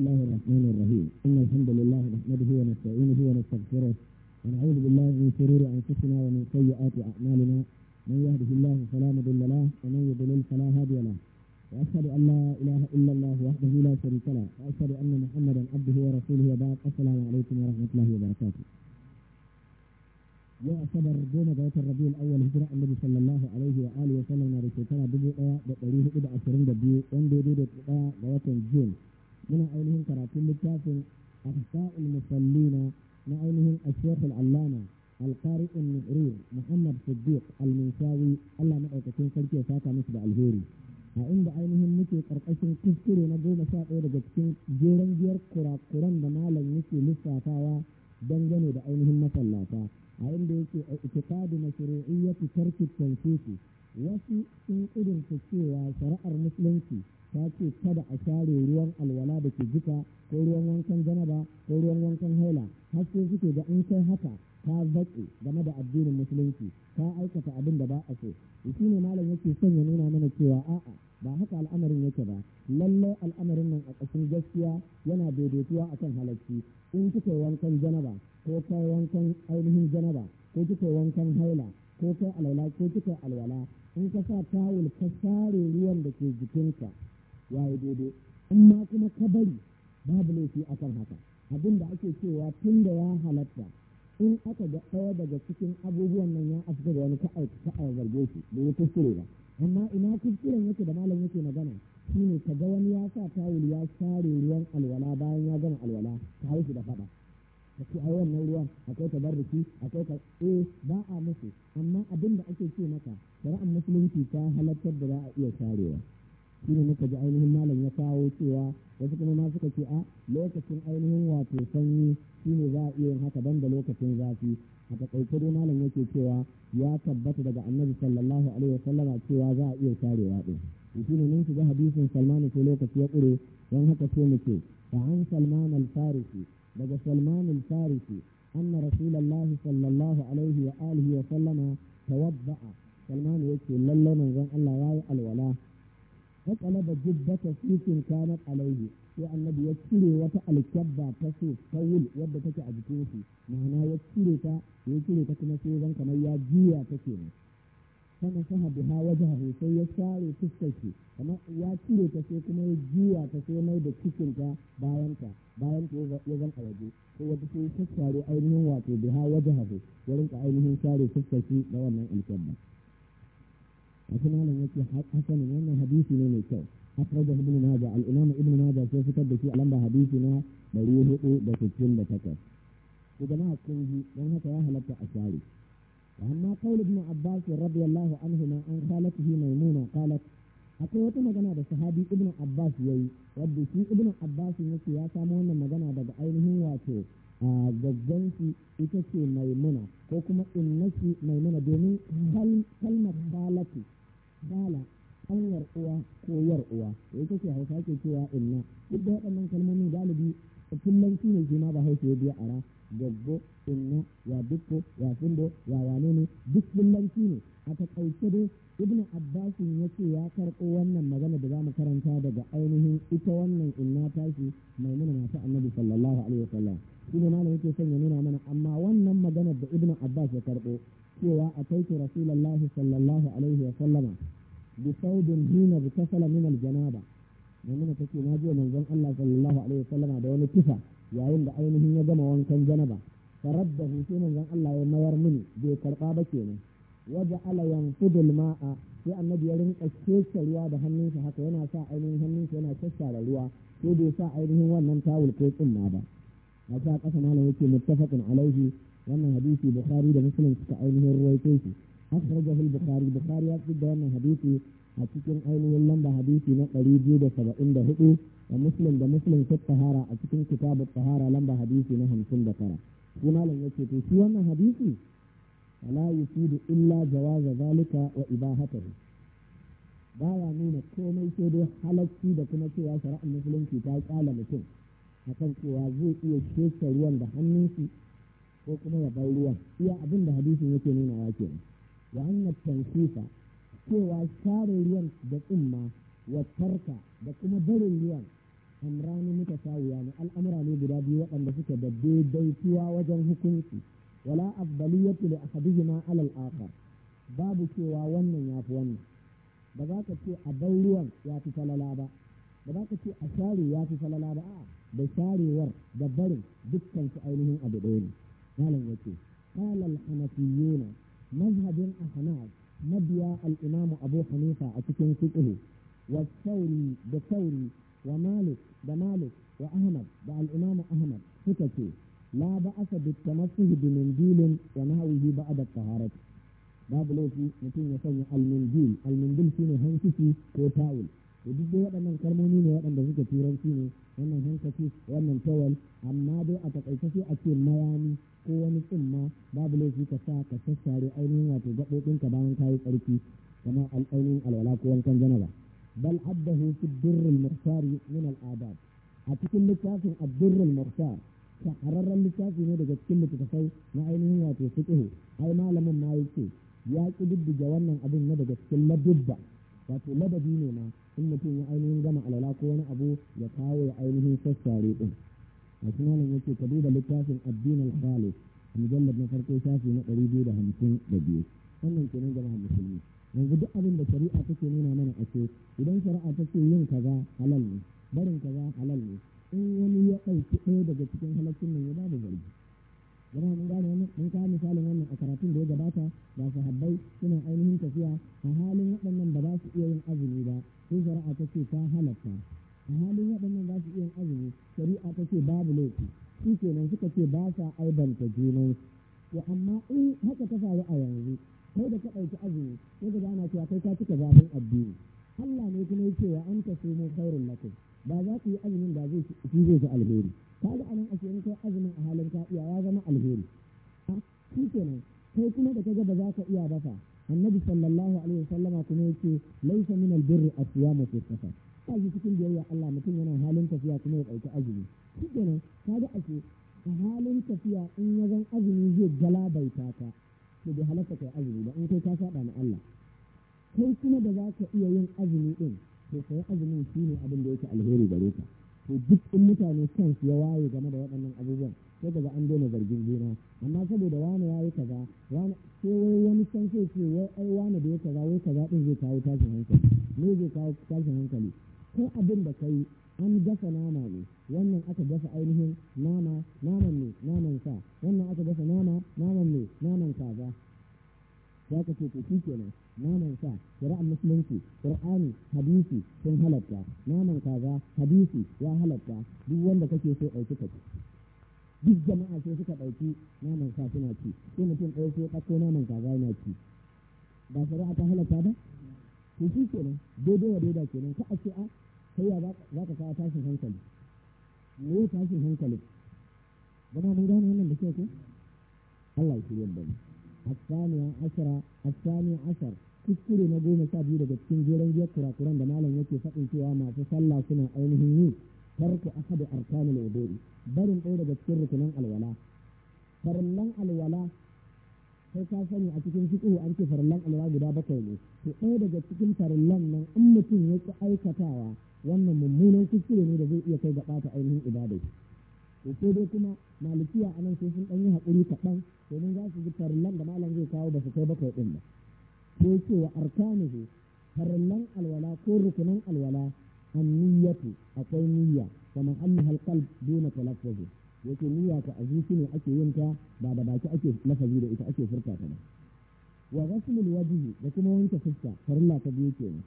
الله الرحمن الرحيم إن الحمد لله نحمده ونستعينه ونستغفره ونعوذ بالله من شرور أنفسنا ومن سيئات أعمالنا من يهده الله فلا مضل له ومن يضلل فلا هادي له وأشهد أن لا إله إلا الله وحده لا شريك له وأشهد أن محمدا عبده ورسوله وبعد السلام عليكم ورحمة الله وبركاته يا صبر دون ذات الربيع الأول هجرة النبي صلى الله عليه وآله وسلم ناري شكرا دبو ايه دبو ايه دبو ايه دبو ايه دبو ايه دبو ايه muna ainihin karatun littafin Asa'ul musallina na ainihin ashekh al'allama alqari an-nuhri muhammad siddiq al-musawi Allah madaukakin sarki ya masu musu da alheri a inda ainihin muke ƙarƙashin kuskure na goma sha daga cikin jeren biyar kurakuran da malam yake lissafawa dangane da ainihin masallata a inda yake itikadu mashru'iyyati tarki tanfisi wasu sun ƙudurta cewa shari'ar musulunci ta ce kada a share ruwan alwala da ke jika ko ruwan wankan janaba ko ruwan wankan haila har suke da an kai haka ta zaƙe game da addinin musulunci ta aikata abin da ba a so shi ne malam yake son ya nuna mana cewa a'a ba haka al'amarin yake ba lallai al'amarin nan a ƙasin gaskiya yana daidaituwa a kan halarci in kika wankan janaba ko kai wankan ainihin janaba ko kika wankan haila ko kai alwala ko kika alwala in ka sa tawul ka sare ruwan da ke jikinka ya yi daidai in kuma kabari bari babu laifi a kan haka abin da ake cewa tun da ya halatta in aka ga ɗaya daga cikin abubuwan nan ya afka da wani ka'aiki ka'aiki zarge shi da ya kuskure ba amma ina kuskuren yake da malam yake magana shi ne ka ga wani ya sa tawul ya share ruwan alwala bayan ya gama alwala ta haihu da faɗa ka ce ai wannan ruwan akwai a akwai ka eh ba a musu amma abin da ake ce maka shari'ar musulunci ta halartar da za a iya sharewa shi ne muka ji ainihin malam ya kawo cewa wasu kuma ma suka ce a lokacin ainihin wato sanyi shi ne za a iya yin haka banda lokacin zafi a takaice dai malam yake cewa ya tabbata daga annabi sallallahu alaihi wasallama cewa za a iya tarewa din shi nan mun ga hadisin salmanu ko lokaci ya ƙure don haka sai mu ce fa an salman al-farisi daga salman al-farisi anna rasulullahi sallallahu alaihi wa alihi wa sallama tawadda'a salman yake lalle manzon Allah yayi alwala faƙalaba jubbata sufin kanat alaihi sai annabi ya cire wata alkyabba ta so ta wul wadda take a jikin shi ma'ana ya cire ta ya cire ta kuma sai zan kamar ya juya ta ke ne habu ha waje wajahu sai ya share fuskar shi kamar ya cire ta sai kuma ya juya ta sai mai da cikin ta bayan ta bayan ta ya zan a waje sai wata sai ya share ainihin wato biha wajahu ya rinka ainihin share fuskar shi da wannan alkyabba malam yake hasanin wannan hadisi ne mai kyau akhrajahu ibn majah al-imam ibn majah sai fitar da shi a lamba hadisi na da da takwas. to jama'a kun ji don haka ya halatta a share amma qaul ibn abbas radiyallahu anhu ma an khalatihi maimuna qalat akwai wata magana da sahabi ibn abbas yayi wadda shi ibn abbas yake ya samo wannan magana daga ainihin wato a gaggan shi ita ce maimuna ko kuma innaki maimuna domin kalmar salatu bala hanyar uwa ko yar uwa ya kake ce hausa ke cewa inna duk da waɗannan kalmomin galibi kullum shi ne ma ba hausa ya biya ara gaggo inna ya dukko ya fundo ya wane ne duk kullum shi ne a taƙaice dai ibnu abbasin ya ce ya karɓo wannan magana da za mu karanta daga ainihin ita saudun hina bukasala min aljanaba maimuna take na ji manzon Allah sallallahu alaihi wasallama da wani kifa yayin da ainihin ya gama wankan janaba faraddahu sai manzon Allah ya mayar mini da karba ba kenan waje ala yanfudul ma'a sai annabi ya rinka kesa ruwa da hannunsa haka yana sa ainihin hannunsa yana kesa ruwa ko bai sa ainihin wannan tawul ko tsumma ba a sa ƙasa malam yake muttafaqun alaihi wannan hadisi bukhari da muslim suka ainihin ruwaito shi akhrajahu al-bukhari bukhari ya fi da wannan hadisi a cikin ainihin lamba hadisi na ɗari biyu da saba'in da hudu da muslim da muslim ta tahara a cikin kitabu tahara lamba hadisi na hamsin da tara shi malam ya ce to shi wannan hadisi wala yusidu illa jawaza zalika wa ibahatahu baya nuna komai sai dai halacci da kuma cewa shari'ar musulunci ta kyala mutum a kan cewa zai iya sheka ruwan da hannunsu ko kuma ya bar ruwan iya abin da hadisin yake nuna wa kenan wa anna tansifa cewa share ruwan da tsumma wattarka da kuma barin ruwan amrani muka sawuya ne al'amura ne guda biyu waɗanda suke da daidaituwa wajen hukunci wala afdaliyatu li ahadihima ala al-akhar babu cewa wannan yafi wannan ba za ka ce a bar ruwan ya fi falala ba ba za ka ce a share ya fi falala ba a'a da sharewar da barin dukkan su ainihin abu ɗaya ne malam yace qala al-hanafiyyuna mazhabin ahnaf mabiya al'imamu abu hanifa a cikin fiqh wa sauri da sauri wa malik da malik wa ahmad da al'imamu ahmad suka ce la ba'asa bi tamassuhi bi mindilin ba nahwihi ba'da taharat babu laifi mutum ya sanya almindil almindil shine hankisi ko tawul da duk dai waɗannan kalmomi ne waɗanda suke turanci ne wannan hankaci wannan tawul amma dai a takaice sai a ce mayani ko wani ma babu laifi ka sa ka sassare ainihin wato ka bayan kayi tsarki kamar al'ainihin alwala ko wankan janaba bal abdahu fi durrul mursari min adab a cikin littafin ad-durrul mursar shahararren littafi ne daga cikin littattafai na ainihin wato fiqh ai malamin ma yake ya ki diddiga wannan abin na daga cikin ladubba wato ladabi ne ma in mutum ya ainihin gama alwala ko wani abu ya kawo ya ainihin sassare ɗin. masu malam yake ka duba littafin addinin khalid mujallar na farko shafi na ɗari biyu da hamsin da biyu wannan nan jama'a musulmi yanzu duk abin da shari'a take nuna mana a ce idan shari'a ta ce yin kaza halal ne barin kaza halal ne in wani ya ɗauki ɗaya daga cikin halaccin nan ya babu zargi jama'a mun gane mun kawo misalin wannan a karatun da ya gabata su sahabbai suna ainihin tafiya a halin waɗannan ba za su iya yin azumi ba sai shari'a ta ce ta halatta amma dai waɗannan za su iya azumi shari'a ta ce babu laifi shi kenan suka ce ba sa aibanta junan to amma in haka ta faru a yanzu kai da ka ɗauki azumi sai da ana cewa kai ka cika zafin addini Allah ne kuma ya ce wa an ta sumu khairun lakum ba za ku yi azumin da zai shi zai fi alheri kaga anan a cikin kai azumin a halin ka iya ya zama alheri shi kenan kai kuma da ka ga ba za ka iya ba fa annabi sallallahu alaihi wasallama kuma ce laisa min albirri asiyamu fi safar sa shi cikin biyayya Allah mutum yana halin tafiya kuma ya ɗauki azumi shi kenan ka ga ake a halin tafiya in ya zan azumi zai galabaita ka to bai halarta kai azumi ba in kai ka saɓa na Allah kai kuma da za ka iya yin azumi ɗin to kai azumin shi ne abin da yake alheri gare ka to duk in mutane su ya waye game da waɗannan abubuwan sai kaga an daina zargin juna amma saboda wani ya yi kaza wani sai wai wani san sai ce wai ai wani da ya kaza wai kaza din zai kawo tashin hankali me zai kawo tashin hankali ko abin da kai an gasa nama ne wannan aka gasa ainihin nama naman ne naman sa wannan aka gasa nama naman ne naman kaza za ka ce to kenan naman sa shari'ar musulunci kur'ani hadisi sun halatta naman kaza hadisi ya halatta duk wanda kake so ɗauki ka duk jama'a sai suka ɗauki naman sa suna ci sai mutum ɗaya sai ɗauko naman kaza yana ci ba shari'a ta halatta ba to shi kenan daidai wa daida kenan ka a ce a ah, kai ya za ka kawo tashin hankali me ya tashin hankali ba na gane wannan da kyau ko Allah ya shirya da mu الثانية عشرة الثاني ashar kuskure na goma sha biyu daga cikin jeren jiyar kurakuran da malam yake faɗin cewa masu sallah suna ainihin yi tarku ahadu arkanul wudu'i barin ɗaya daga cikin rukunan alwala farallan alwala sai ka sani a cikin fiqh an ce farallan alwa guda bakwai ne to ɗaya daga cikin farallan nan in mutum ya ki aikatawa wannan mummunan kuskure ne da zai iya kai ga ɓata ainihin ibada to sai dai kuma malikiya a nan sai sun ɗan yi haƙuri kaɗan domin za su ji farallan da malam zai kawo ba su kai bakwai ɗin ba ko cewa arkanihi farallan alwala ko rukunan alwala an niyyatu akwai niyya wa mahallu halqalb duna talaffuzi yake niyya ka azuci ne ake yin ta ba da baki ake lafazi da ita ake furta ta ba wa ghaslul wajhi da kuma wanke fuska farilla ta biyu kenan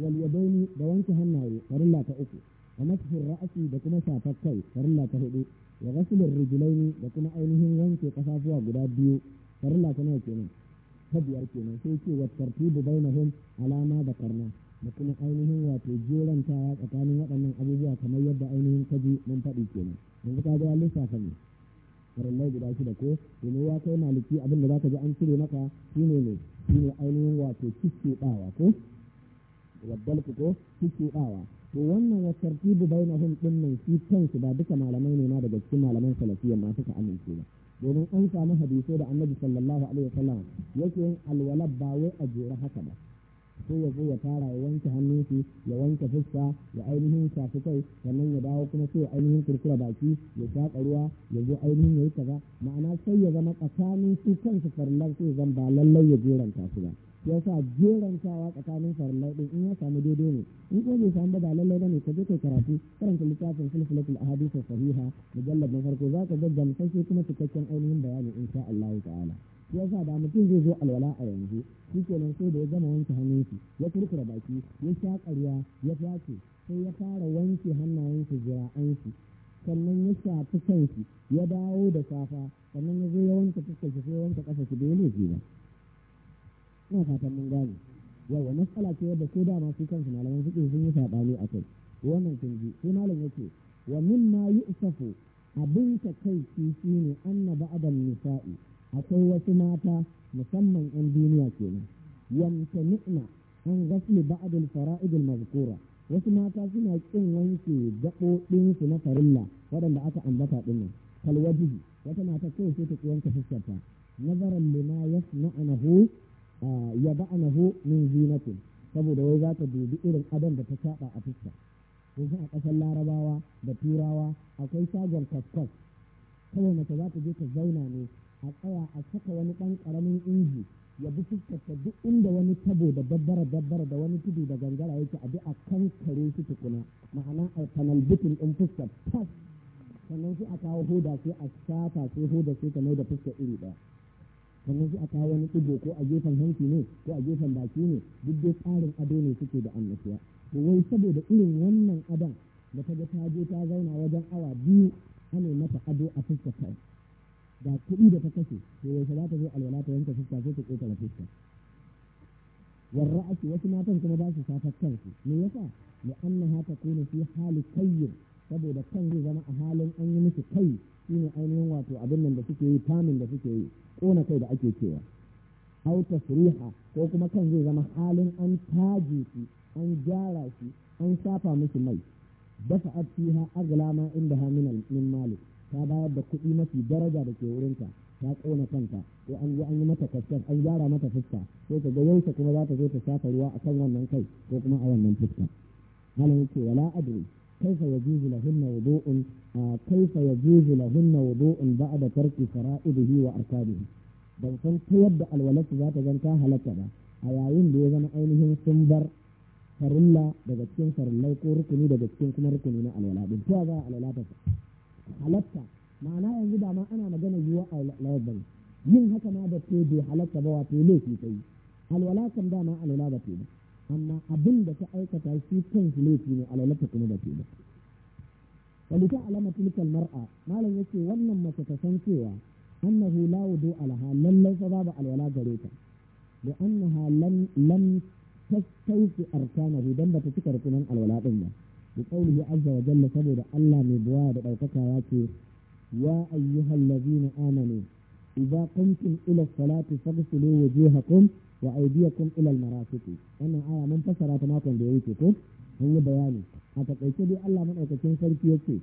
wal yadaini da wanke hannaye farilla ta uku wa mashu ra'si da kuma safar kai farilla ta hudu wa ghaslul rijlaini da kuma ainihin wanke kafafuwa guda biyu farilla ta nawa kenan ta biyar kenan sai ce wa tartibu bainahum alama da karna da kuma ainihin wato jerantawa tsakanin waɗannan abubuwa kamar yadda ainihin kaji mun faɗi kenan yanzu ka ga ya lissafa ne farallai guda shida ko domin ya kai maliki abin da za ka ji an cire maka shi ne ne ainihin wato ɗawa ko waddalku ko ɗawa to wannan wa tartibu na din nan shi kansu ba duka malamai ne ma daga cikin malaman salafiyya masu ka amince ba domin an samu hadisai da annabi sallallahu alaihi wasallam yake yin alwala ba wai a jere haka ba sai ya zo ya tara ya wanke hannun shi ya wanke fuska ya ainihin shafi kai sannan ya dawo kuma sai ya ainihin kurkura baki ya shaƙa ruwa ya zo ainihin ya yi kaza ma'ana sai ya zama tsakanin su kansu farlan sai zan ba lallai ya jeranta su ba ya sa jerantawa tsakanin farlan din in ya samu daidai ne in ko bai samu ba lallai bane ka je kai karatu karanta littafin silsilatul ahadith sahiha mujallad na farko zaka ga gamsashe kuma cikakken ainihin bayani insha Allah ta'ala shi sa da mutum zai zo alwala a yanzu shi nan sai da ya gama wanke hannun shi ya kurkura baki ya sha ƙarya ya fyace sai ya fara wanke hannayen shi jira'an shi sannan ya shafi kansu ya dawo da safa sannan ya zo ya wanke fuskar shi sai ya wanke ƙasa shi bai laifi ba ina fatan mun gane yawa matsala ce yadda ko dama su kansu malaman suke sun yi saɓani a kai wannan kun ji sai malam ce wa mimma yu'safu abin ta kai shi shine anna ba'da nisa'i akwai wasu mata musamman 'yan duniya kenan yanta ni'na an gasli ba'adul fara'idul mazkura wasu mata suna ƙin wanke gaɓoɗinsu na farilla waɗanda aka ambata ɗin nan kalwajihi wata mata kawai sai ta wanke fuskarta nazaran lima yasna'anahu ya ba'anahu min zinatin saboda wai za ta dubi irin adon da ta saba a fuska yanzu a ƙasar larabawa da turawa akwai shagon kaskas kawai mace za ta je ta zauna ne a tsaya a cika wani ɗan ƙaramin inji ya bi fuskarta duk inda wani tabo da dabbara dabbara da wani tudu da gangara yake a bi a kankare shi tukuna ma'ana a kanal bikin ɗin fuskar tas sannan sai a kawo hoda sai a shafa sai hoda sai ka mai da fuskar iri ɗaya sannan sai a kawo wani ɗigo ko a gefen hanci ne ko a gefen baki ne duk dai tsarin ado ne suke da annashuwa to wai saboda irin wannan adon da ta ga ta je ta zauna wajen awa biyu ana mata ado a fuskar da kuɗi da ta kashe to yau za ta zo alwala ta yanka fuska ko ta ƙota la fuska warra wasu matan kuma ba su sa ta kansu me yasa da an na haka kone su hali kayyar saboda kan zai zama a halin an yi musu kai shi ne ainihin wato abin nan da suke yi tamin da suke yi kona kai da ake cewa au tasriha ko kuma kan zai zama halin an taje shi an gyara shi an safa musu mai dafa'at ha aglama inda ha min malik ka bayar da kuɗi mafi daraja da ke wurinka ta ƙona kanta ko an yi an yi mata kaskan an gyara mata fuska sai ka ga yansa kuma za ta zo ta shafa ruwa a kan wannan kai ko kuma a wannan fuska malam yake wala adri kaifa yajuzu lahunna wudu'un kaifa yajuzu lahunna wudu'un ba'da tarki fara'idihi wa arkanihi ban san ta yadda alwalarsu za ta zanta halatta ba a yayin da ya zama ainihin sun bar farilla daga cikin farillai ko rukuni daga cikin kuma rukuni na alwala din za a alwala ta halatta ma'ana yanzu dama ma ana magana yiwa a lawar yin haka ma da ke bai halatta ba wato laifi ta yi alwala kan dama alwala ba ba amma abin da ta aikata shi kan shi laifi ne alwala ta kuma ba ba walita alama tilkal mar'a malam yace wannan mace ta san cewa annahu la wudu alaha lallai fa babu alwala gare ta da annaha lam lam tastawfi arkanahu dan ba ta cika rukunan alwala din ba بقوله عز وجل سبب ألا مبوا بأوكك ياتي يا أيها الذين آمنوا إذا قمتم إلى الصلاة فاغسلوا وجوهكم وأيديكم إلى المرافق أنا آية من فسرت ما كنت بيوتكم هو بياني أتقيت دي ألا من أوكتين سلفي يكي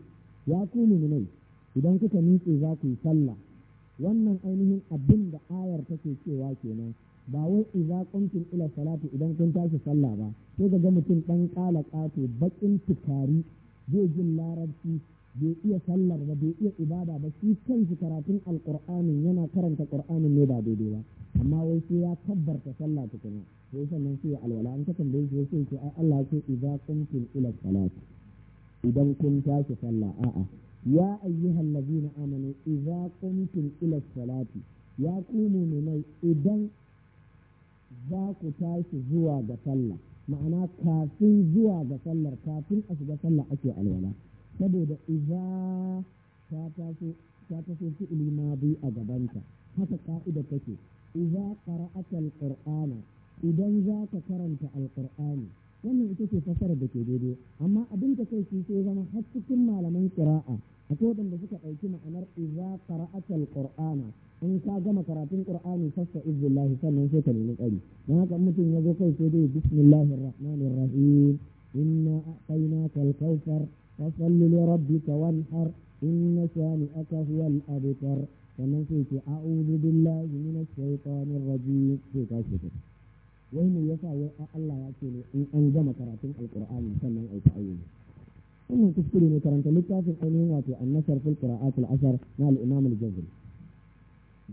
يا كوني مني إذا كنت نيسي ذاكي صلى wannan ainihin abin da ayar take cewa kenan ba wai idza kuntum ila salati idan kun tashi sallah ba sai ga mutum dan kala kato bakin tukari zai jin larabci bai iya sallar ba bai iya ibada ba shi kanshi karatun alqur'anin yana karanta qur'anin ne ba daidai ba amma wai sai ya kabbarta sallah tukuna sai sannan sai alwala an ka tambaye sai sai sai ai Allah ce idza kuntum ila salati idan kun tashi sallah a'a ya ayyuhal ladina amanu idza kuntum ila salati ya ku mu'minai idan za ku tashi zuwa ga sallah ma'ana kafin zuwa ga sallar kafin a shiga sallah ake alwala saboda iza ta taso ta taso ma bi a gabanta haka ka'ida take iza qara'ata alqur'ana idan za ka karanta alqur'ani wannan ita ce fasara da ke daidai amma abin da kai shi sai zama har cikin malaman qira'a akwai da suka ɗauki ma'anar iza qara'atal qur'ana in ka gama karatun qur'ani fasta izillahi sannan sai ka nemi tsari don haka mutum ya zo kai sai dai bismillahir rahmanir rahim inna a'tainakal kawthar fasalli li rabbika wanhar inna shani'aka huwal abtar sannan sai ce a'udhu billahi minash shaitanir rajim sai ka shi wai me yasa wai Allah ya ce ne in an gama karatun alqur'ani sannan ai ayyuka wannan kuskure ne karanta littafin ainihin wato annasar fil qira'at al na al imam al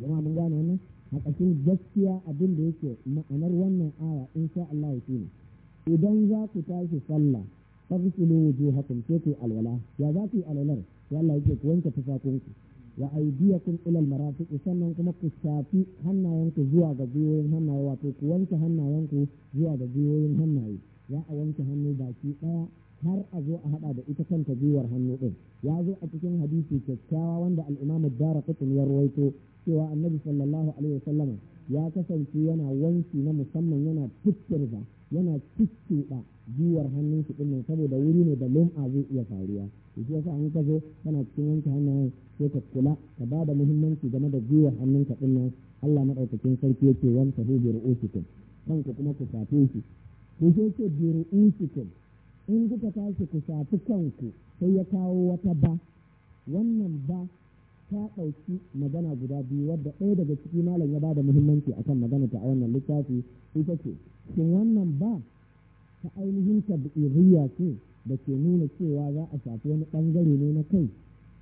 jama'a mun gane wannan a ƙarshen gaskiya abin da yake ma'anar wannan aya insha Allah ya ne idan za ku tashi sallah fafsilu wujuhakum sai ku alwala ya za ku yi alwalar ya Allah yake ku wanke tufafunku wa aydiyakum ila almarafiq sannan kuma ku shafi hannayenku zuwa ga gwiwoyin hannaye wato ku wanke hannayenku zuwa ga gwiwoyin hannaye za a wanke hannu baki ɗaya har a zo a haɗa da ita kanta gwiwar hannu ɗin ya zo a cikin hadisi kyakkyawa wanda al'imamu dara kutun ya ruwaito cewa annabi sallallahu alaihi wasallama ya kasance yana wanki na musamman yana tukkirza yana tukkiɗa gwiwar hannun shi ɗin saboda wuri ne da lum'a zai iya faruwa Ya shi yasa an ka zo kana cikin wanke hannayen sai ka kula ka ba da muhimmanci game da gwiwar ka ɗin nan Allah maɗaukakin sarki yake wanka hu bi kanku kuma ku shafe shi ku sai ce bi ru'usikum in kuka tashi ku shafi kanku sai ya kawo wata ba wannan ba ta ɗauki magana guda biyu wadda ɗaya daga ciki malam ya ba da muhimmanci a kan magana ta a wannan littafi ita ce shin wannan ba ta ainihin tabi'iriya ce da ke nuna cewa za a shafi wani ɓangare ne na kai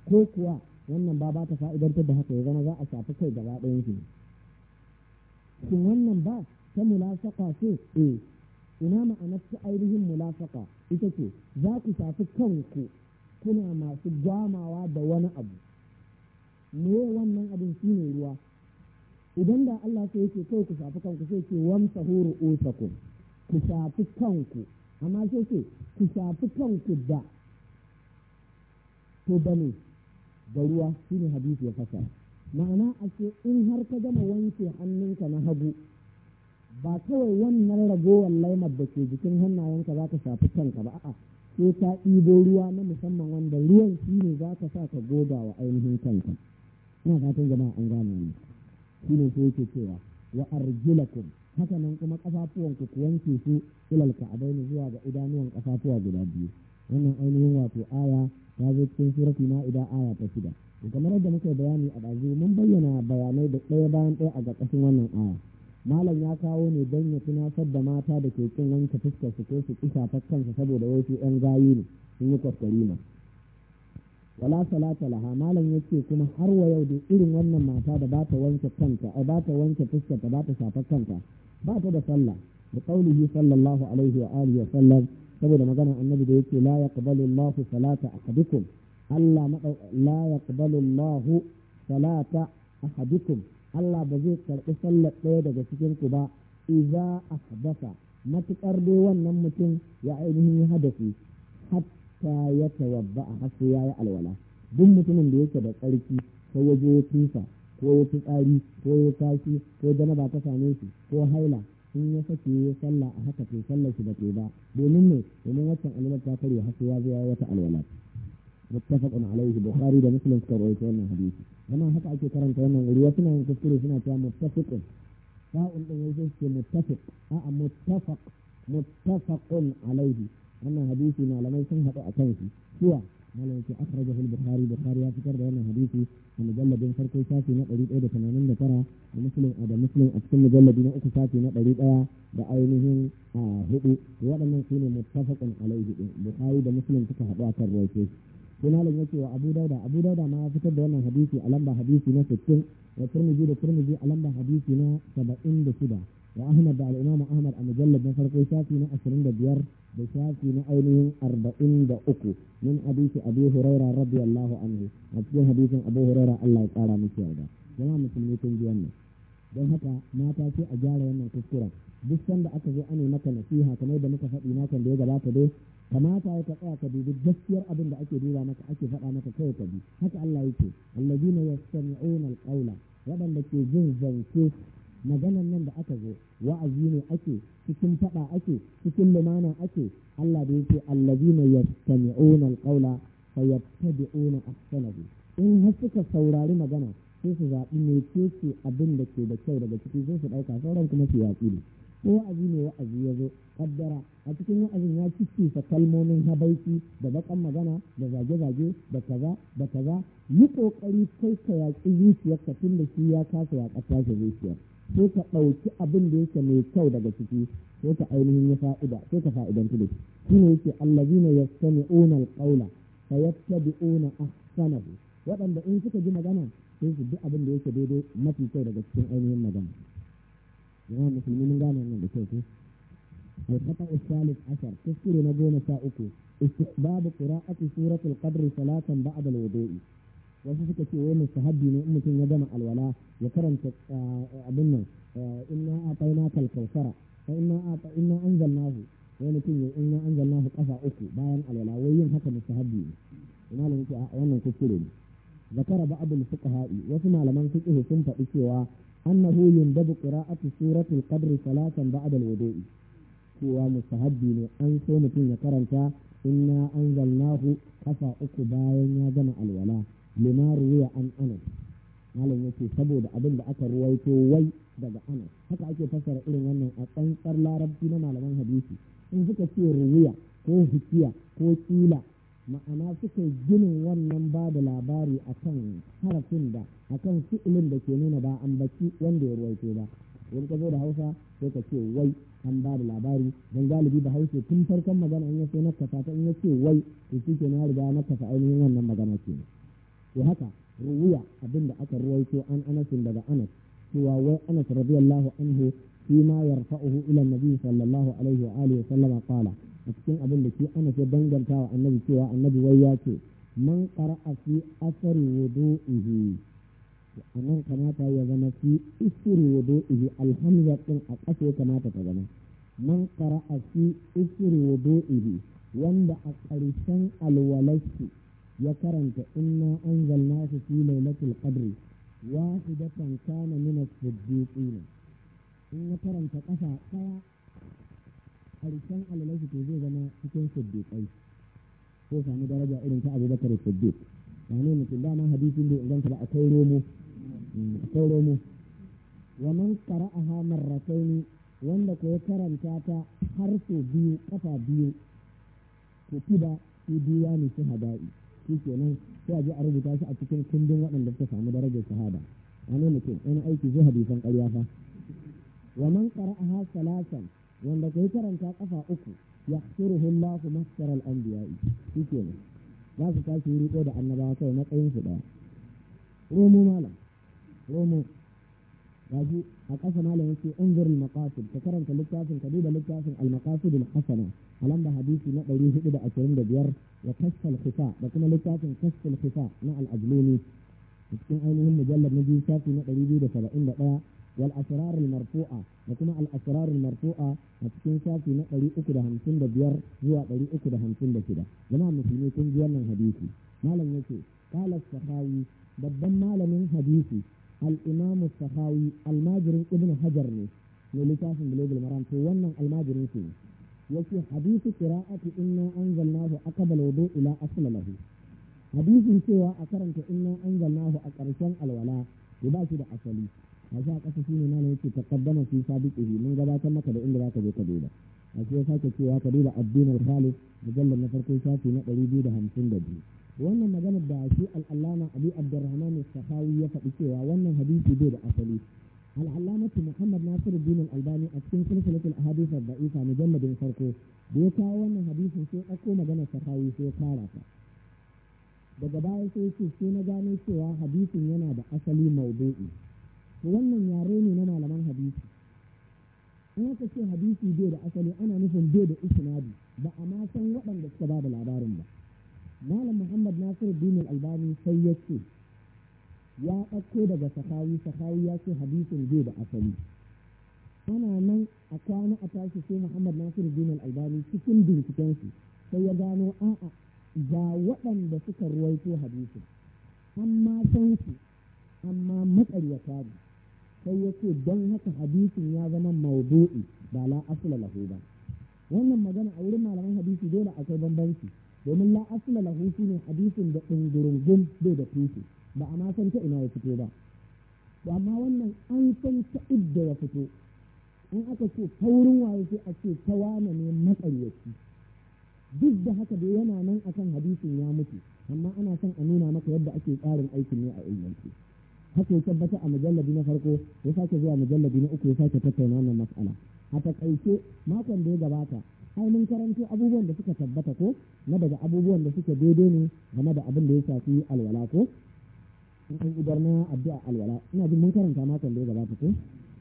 ko kuwa wannan ba ba ta fa'idantar da haka ya zama za a shafi kai gaba ɗayan shi shin wannan ba ta mulasaka ce eh ina ma'anar ta ainihin mulafaka ita ce za ku shafi kanku kuna masu gamawa da wani abu me wannan abin shi ne ruwa idan da Allah sai yake kai ku shafi kanku sai ce wam sahuru usakum ku shafi kanku amma sai ce ku shafi kanku da to ne da ruwa ne hadisi ya fasa ma'ana a ce in har ka gama wanke hannunka na hagu ba kawai wannan ragowar laimar da ke jikin hannayenka za ka shafi kanka ba a'a sai ka ɗibo ruwa na musamman wanda ruwan shi ne za ka sa ka goga wa ainihin kanka ina fatan jama'a an gane ni shi ne sai yake cewa wa arjilakum haka nan kuma kafafuwan ku wanke su ilal ka'abaini zuwa ga idanuwan kafafuwa guda biyu wannan ainihin wato aya ta zo cikin surati ma'ida aya ta shida kamar yadda muka bayani a ɗazu mun bayyana bayanai da ɗaya bayan ɗaya a ƙarƙashin wannan aya malam ya kawo ne don ya tunasar da mata da ke kin wanke fuskar su ko su kisa ta kansa saboda wasu yan gayu ne sun yi kwaskwarima wala salata laha malam yace kuma har wa yau da irin wannan mata da ba ta wanke kanta ai ba ta wanke fuskar ta ba ta shafa kanta ba ta da sallah da qaulihi sallallahu alaihi wa alihi wa sallam saboda magana annabi da yake la yaqbalu Allahu salata ahadikum Allah la yaqbalu Allahu salata ahadikum Allah ba zai karɓi sallar ɗaya daga cikin ku ba a ahdatha matuƙar dai wannan mutum ya ainihin hadasi hatta ya tawabba a hasu ya yi alwala duk mutumin da yake da tsarki ko ya je ya tusa ko ya fitsari ko ya kashi ko janaba ta same shi ko haila sun ya sake ya sallah a haka to sallar shi ba ke ba domin ne domin waccan alwala ta karya hasu ya zo ya wata alwala muttafaqun alaihi bukhari da muslim suka rawaito wannan hadisi wannan haka ake karanta wannan ruwa suna yin kuskure suna cewa muttafiqun sa'un din yazo ce muttafiq a'a muttafaq muttafaqun alaihi wannan hadisi na lamai sun haɗu a kansu kuwa malam ce akhrajahu al-bukhari bukhari ya fitar da wannan hadisi a mujalladin farko shafi na 189 da muslim da muslim a cikin mujalladi na uku shafi na 100 da ainihin a hudu waɗannan su ne muttafaqun alaihi bukhari da muslim suka haɗu a kan rawaito sai malam ce wa abu dauda abu dauda ma ya fitar da wannan hadisi a lamba hadisi na sittin wa turmiji da turmiji a lamba hadisi na saba'in da shida wa ahmad da al-imam ahmad a mujallar na farko shafi na ashirin da biyar da shafi na ainihin arba'in da uku min hadisi abu huraira radiyallahu anhu a cikin hadisin abu huraira allah ya kara miki yarda jama musulmi kun ji wannan don haka mata ce a gyara wannan kuskuren duk sanda aka zo ana maka nasiha kamar da muka faɗi makon da ya gabata dai kamata ya tsaya ka dubi gaskiyar abin da ake dura maka ake faɗa maka kai ka bi haka Allah yake allazina yastami'una alqawla waɗanda ke jin zance maganan nan da aka zo wa'azi ne ake cikin faɗa ake cikin lumana ake Allah da yake allazina yastami'una alqawla fayattabi'una ahsanahu in har suka saurari magana sai su zaɓi mecece abin da ke da kyau daga ciki sai su ɗauka sauran kuma su yaƙi ne wa'azi ne wa'azi ya zo kaddara a cikin wa'azin ya sa kalmomin habaiki da bakan magana da zage-zage da kaza da kaza yi kokari kai ka yaƙi ka tun da shi ya kasa yaƙa shi zuciyar sai ka ɗauki abin da yake mai kyau daga ciki sai ka ainihin ya fa'ida sai ka fa'idan tudu shi ne yake allazina yastami'una alqawla a ahsanahu waɗanda in suka ji magana sai su bi abin da yake daidai mafi kyau daga cikin ainihin magana وهم مسلمين من غانا من بسيطه الخطا الثالث عشر تذكر نجوم ساؤكو استحباب قراءة سورة القدر صلاة بعد الوضوء وشفك في يوم السهدي من أمك على الولاء يكرم أبنا إنا أعطيناك الكوثر فإنا إنا أنزلناه ولكن إنا أنزلناه قفا أكو باين الولاة وين حكم السهدي وما لم يكن أعوانا ذكر بعض الفقهاء وثم لمن فقه ثم فإسوا annahu yundabu qira'atu suratul qadr salatan ba'da al-wudu'i cewa mustahabbi ne an so mutum ya karanta inna anzalnahu kafa uku bayan ya gama alwala lima wuya an ano malam ce saboda abin da aka ruwaito wai daga ano haka ake fassara irin wannan a tsantsar larabci na malaman hadisi in suka ce ruwiya ko hikiya ko kila ma'ana suke ginin wannan ba da labari a kan harafin da a kan fi'ilin da ke nuna ba an baki wanda ya ruwaito ba wani ka zo da hausa sai ka ce wai an ba da labari don galibi ba hausa tun farkon magana in ya so na kasa ta in ya ce wai to shi ke na riga na kasa ainihin wannan magana ke to haka ruwiya abinda da aka ruwaito an anasin daga anas cewa wai anas radiyallahu anhu فيما يرفعه إلى النبي صلى الله عليه وآله وسلم قال أتكين أبن لكي أنا في بنجل تاو النبي سوى النبي وياكي من قرأ في أثر وضوئه وأنا كما يزن في أثر وضوئه الحمزة إن أكثر كما تتزن من قرأ في أثر وضوئه وند أكثر الولش يكرنت إنا أنزلناه في ليلة القدر واحدة كان من الصديقين in ya karanta ƙasa ɗaya ƙarshen alalashi ke zai zama cikin siddiƙai ko sami daraja irin ta abubakar da ne mutum dama hadisin da inganta ba kai romo hmm, akwai romo wa man hamar rasaini wanda ko ya karanta ta har so biyu kafa biyu fi ba su biya ne su haɗa'i shi kenan sai a je a rubuta shi a cikin kundin waɗanda suka samu darajar shahada yani mutum ina aiki zai hadisan ƙarya fa wa man qara'aha salasan wanda kai karanta kafa uku yahsuruhu Allah masdar al-anbiya'i shike ne za su tashi riko da annabawa kai matsayin su daya romo malam romo a ƙasa malam yake unzur al-maqasid ka karanta littafin ka duba littafin al-maqasid al-hasana alam da hadisi na 425 wa kasfal khifa da kuma littafin kasfal khifa na al-ajluni cikin ainihin mujallar na biyu shafi na 271 wal asrar al marfu'a da kuma al marfu'a a cikin shafi na ɗari biyar zuwa 356 jama'a musulmi kun ji wannan hadisi malam yake qala sahawi babban malamin hadisi al imam sahawi al majirin hajar ne ne littafin bulugul maram to wannan almajirin su yake hadisi qira'ati inna anzalnahu aqbal wudu ila aslalahu hadisin cewa a karanta inna anzalnahu a ƙarshen alwala to ba shi da asali a sha ƙasa shi ne malam yake taqaddama fi sabiqihi mun gabatar maka da inda zaka je ka duba a shi ya sake cewa ka duba addinin al-khalis mujallal na farko shafi na ɗari biyu da hamsin da biyu wannan maganar da shi al'allama abu abdurrahman sahawi ya faɗi cewa wannan hadisi bai da asali al'allamatu muhammad nasiru al albani a cikin silsilatul ahadith da'ifa jammadin farko da ya kawo wannan hadisin sai ɗauko maganar sakawi sai kara ta daga baya sai ce sai na gano cewa hadisin yana da asali maudu'i wannan yare ne na malaman hadisi in aka ce hadisi bai da asali ana nufin bai da isnadi ba a ma san waɗanda suka ba da labarin ba malam muhammad nasiru dinin albani sai ya ce ya ɗauko daga sakawi sakawi ya ce hadisin bai da asali ana nan a kwana a tashi sai muhammad nasiru dinin albani cikin bincikensu sai ya gano a'a ga waɗanda suka ruwaito hadisin amma san su amma ya ne sai ya ce don haka hadisin ya zama maudu'i ba la asula lahu ba wannan magana a wurin malaman hadisi dole akwai bambanci domin la asula lahu shine hadisin da ɗungurungun bai da tushe ba a ma san ta ina ya fito ba to amma wannan an san ta idda ya fito in aka ce ta wurin waye sai a ce ta wane ne matsaryaci duk da haka dai yana nan akan hadisin ya mutu amma ana son a nuna maka yadda ake tsarin aikin ne a ilmanci haka ya tabbata a mujallabi na farko ya sake zuwa mujallabi na uku ya sake tattauna wannan mas'ala a takaice makon da ya gabata ai mun karanto abubuwan da suka tabbata ko na daga abubuwan da suke daidai ne game da abin da ya shafi alwala ko in idar na addu'a alwala ina jin mun karanta makon da ya gabata ko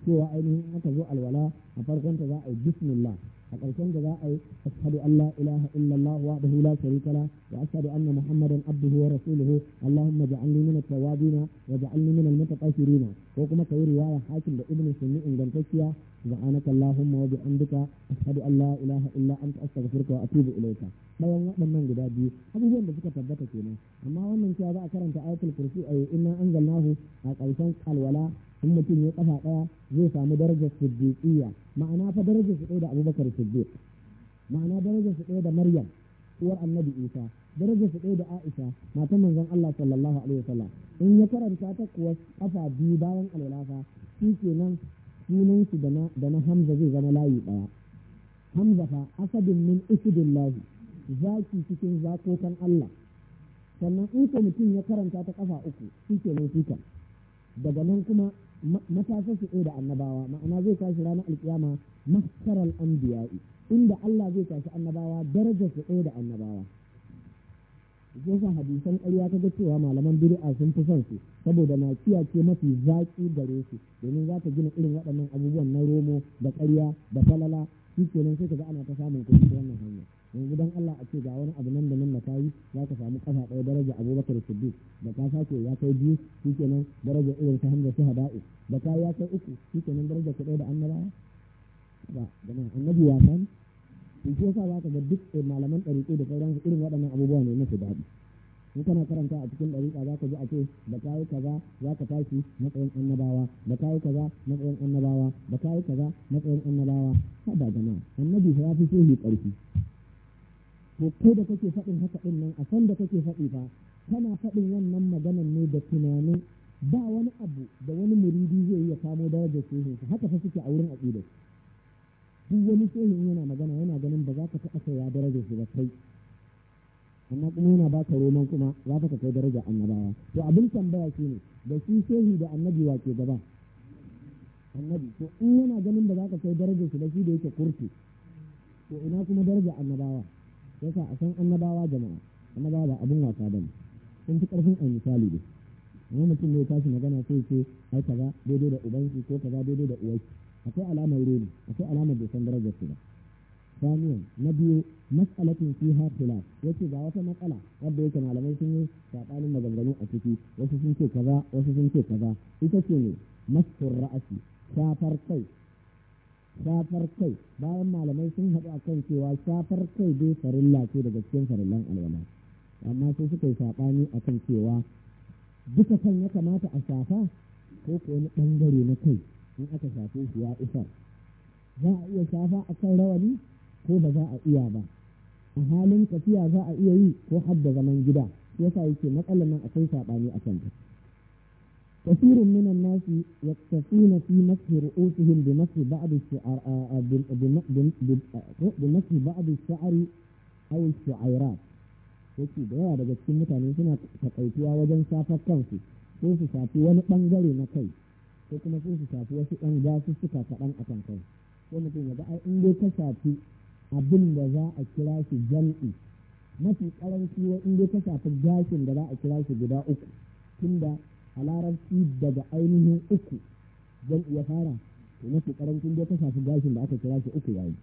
cewa ainihin aka zo alwala a farkon ta za a yi bismillah a ƙarshen da za a yi ashhadu an la ilaha illallah wahdahu la sharika la wa ashhadu anna muhammadan abduhu wa rasuluhu allahumma ja'alni min at-tawwabin wa ja'alni min al ko kuma kai riwaya hakim da ibnu sunni ingantacciya subhanaka allahumma wa bihamdika ashhadu an la ilaha illa anta astaghfiruka wa atubu ilayka bayan waɗannan guda biyu abubuwan da suka tabbata kenan amma wannan cewa za a karanta ayatul kursi a inna anzalnahu a ƙarshen alwala in mutum ya kafa ɗaya zai samu darajar siddiqiyya ma'ana fa darajar su ɗaya da abubakar siddiq ma'ana darajar su ɗaya da maryam uwar annabi isa darajar su ɗaya da aisha matan manzon allah sallallahu alaihi wasallam in ya karanta ta kuwa kafa biyu bayan alwalafa shi nan sunan su da na hamza zai zama layi ɗaya hamza fa asadin min lahi zaki cikin zakokan allah sannan in ko mutum ya karanta ta kafa uku shi kenan shi daga nan kuma Matasa su da annabawa ma'ana zai tashi ranar alkiyama maskaral anbiya'i inda Allah zai tashi annabawa darajar su da annabawa yasa hadisan ƙarya ta ga cewa malaman bid'a sun fi son su saboda na ce mafi zaƙi gare su domin za ta gina irin waɗannan abubuwan na romo da ƙarya da falala shi kenan sai ka ga ana ta samun kuɗi ta wannan hanya yanzu don Allah a ce ga wani abu nan da nan na kayi za ka samu kafa ɗaya daraja abubakar siddiq da ka sake ya kai biyu nan daraja irin ta hamza shahada'u da ka ya kai uku nan daraja ku ɗaya da annabawa ba na annabi ya san in ce sa za ka ga duk eh, malaman ɗariƙo da sauran irin waɗannan abubuwa ne masu daɗi in kana karanta a cikin ɗariƙa za ka ji a ce da yi kaza za ka tashi matsayin annabawa da yi kaza matsayin annabawa da yi kaza matsayin annabawa haba jama'a annabi ya fi ƙarfi ko da kake faɗin haka ɗin nan a san da kake faɗi ba kana faɗin wannan maganan ne da tunani ba wani abu da wani muridi zai yi ya kamo darajar shehinsa haka fa suke a wurin aƙida duk wani shehin yana magana yana ganin ba za ka taɓa kai darajar shi ba kai amma kuma yana ba ka roman kuma za ka kai darajar annabawa to abin tambaya shi ne da shi shehi da annabi wa ke gaba annabi to in yana ganin ba za ka kai darajar shi ba shi da yake kurti to ina kuma darajar annabawa yasa a san annabawa jama'a annabawa ba abin wasa ne sun fi ƙarfin a misali ne amma mutum ne ya tashi magana sai ce ai kaza daidai da ubanki ko kaza daidai da uwarki akwai alamar reni akwai alamar bai san darajar su ba biyu mas'alatin fi har ya yace ga wata matsala wadda yake malamai sun yi saɓanin maganganu a ciki wasu sun ce kaza wasu sun ce kaza ita ce ne maskur ra'asi shafar kai shafar kai bayan malamai sun haɗu a kan cewa shafar kai bai farilla ce daga cikin farillan alwala amma sai suka yi saɓani a kan cewa duka kan ya kamata a shafa ko ko wani ɓangare na kai in aka shafe shi ya isa za a iya shafa a kan rawani ko ba za a iya ba a halin tafiya za a iya yi ko hadda zaman gida yasa yake matsalar nan akwai saɓani a kanta كثير من الناس يكتفون في مسح رؤوسهم بمسح بعض الشعر بمسح بعض الشعر او الشعيرات yake da yawa daga cikin mutane suna takaituwa wajen safar kansu ko su shafi wani bangare na kai ko kuma sai su shafi wasu ɗan gasu suka kaɗan a kan kai ko mutum ya ga in dai ka shafi abin da za a kira shi jam'i mafi ƙaranci in dai ka shafi gashin da za a kira shi guda uku tunda a larabci daga ainihin uku zan iya fara to mafi karancin dai ta shafi gashin da aka kira shi uku yayi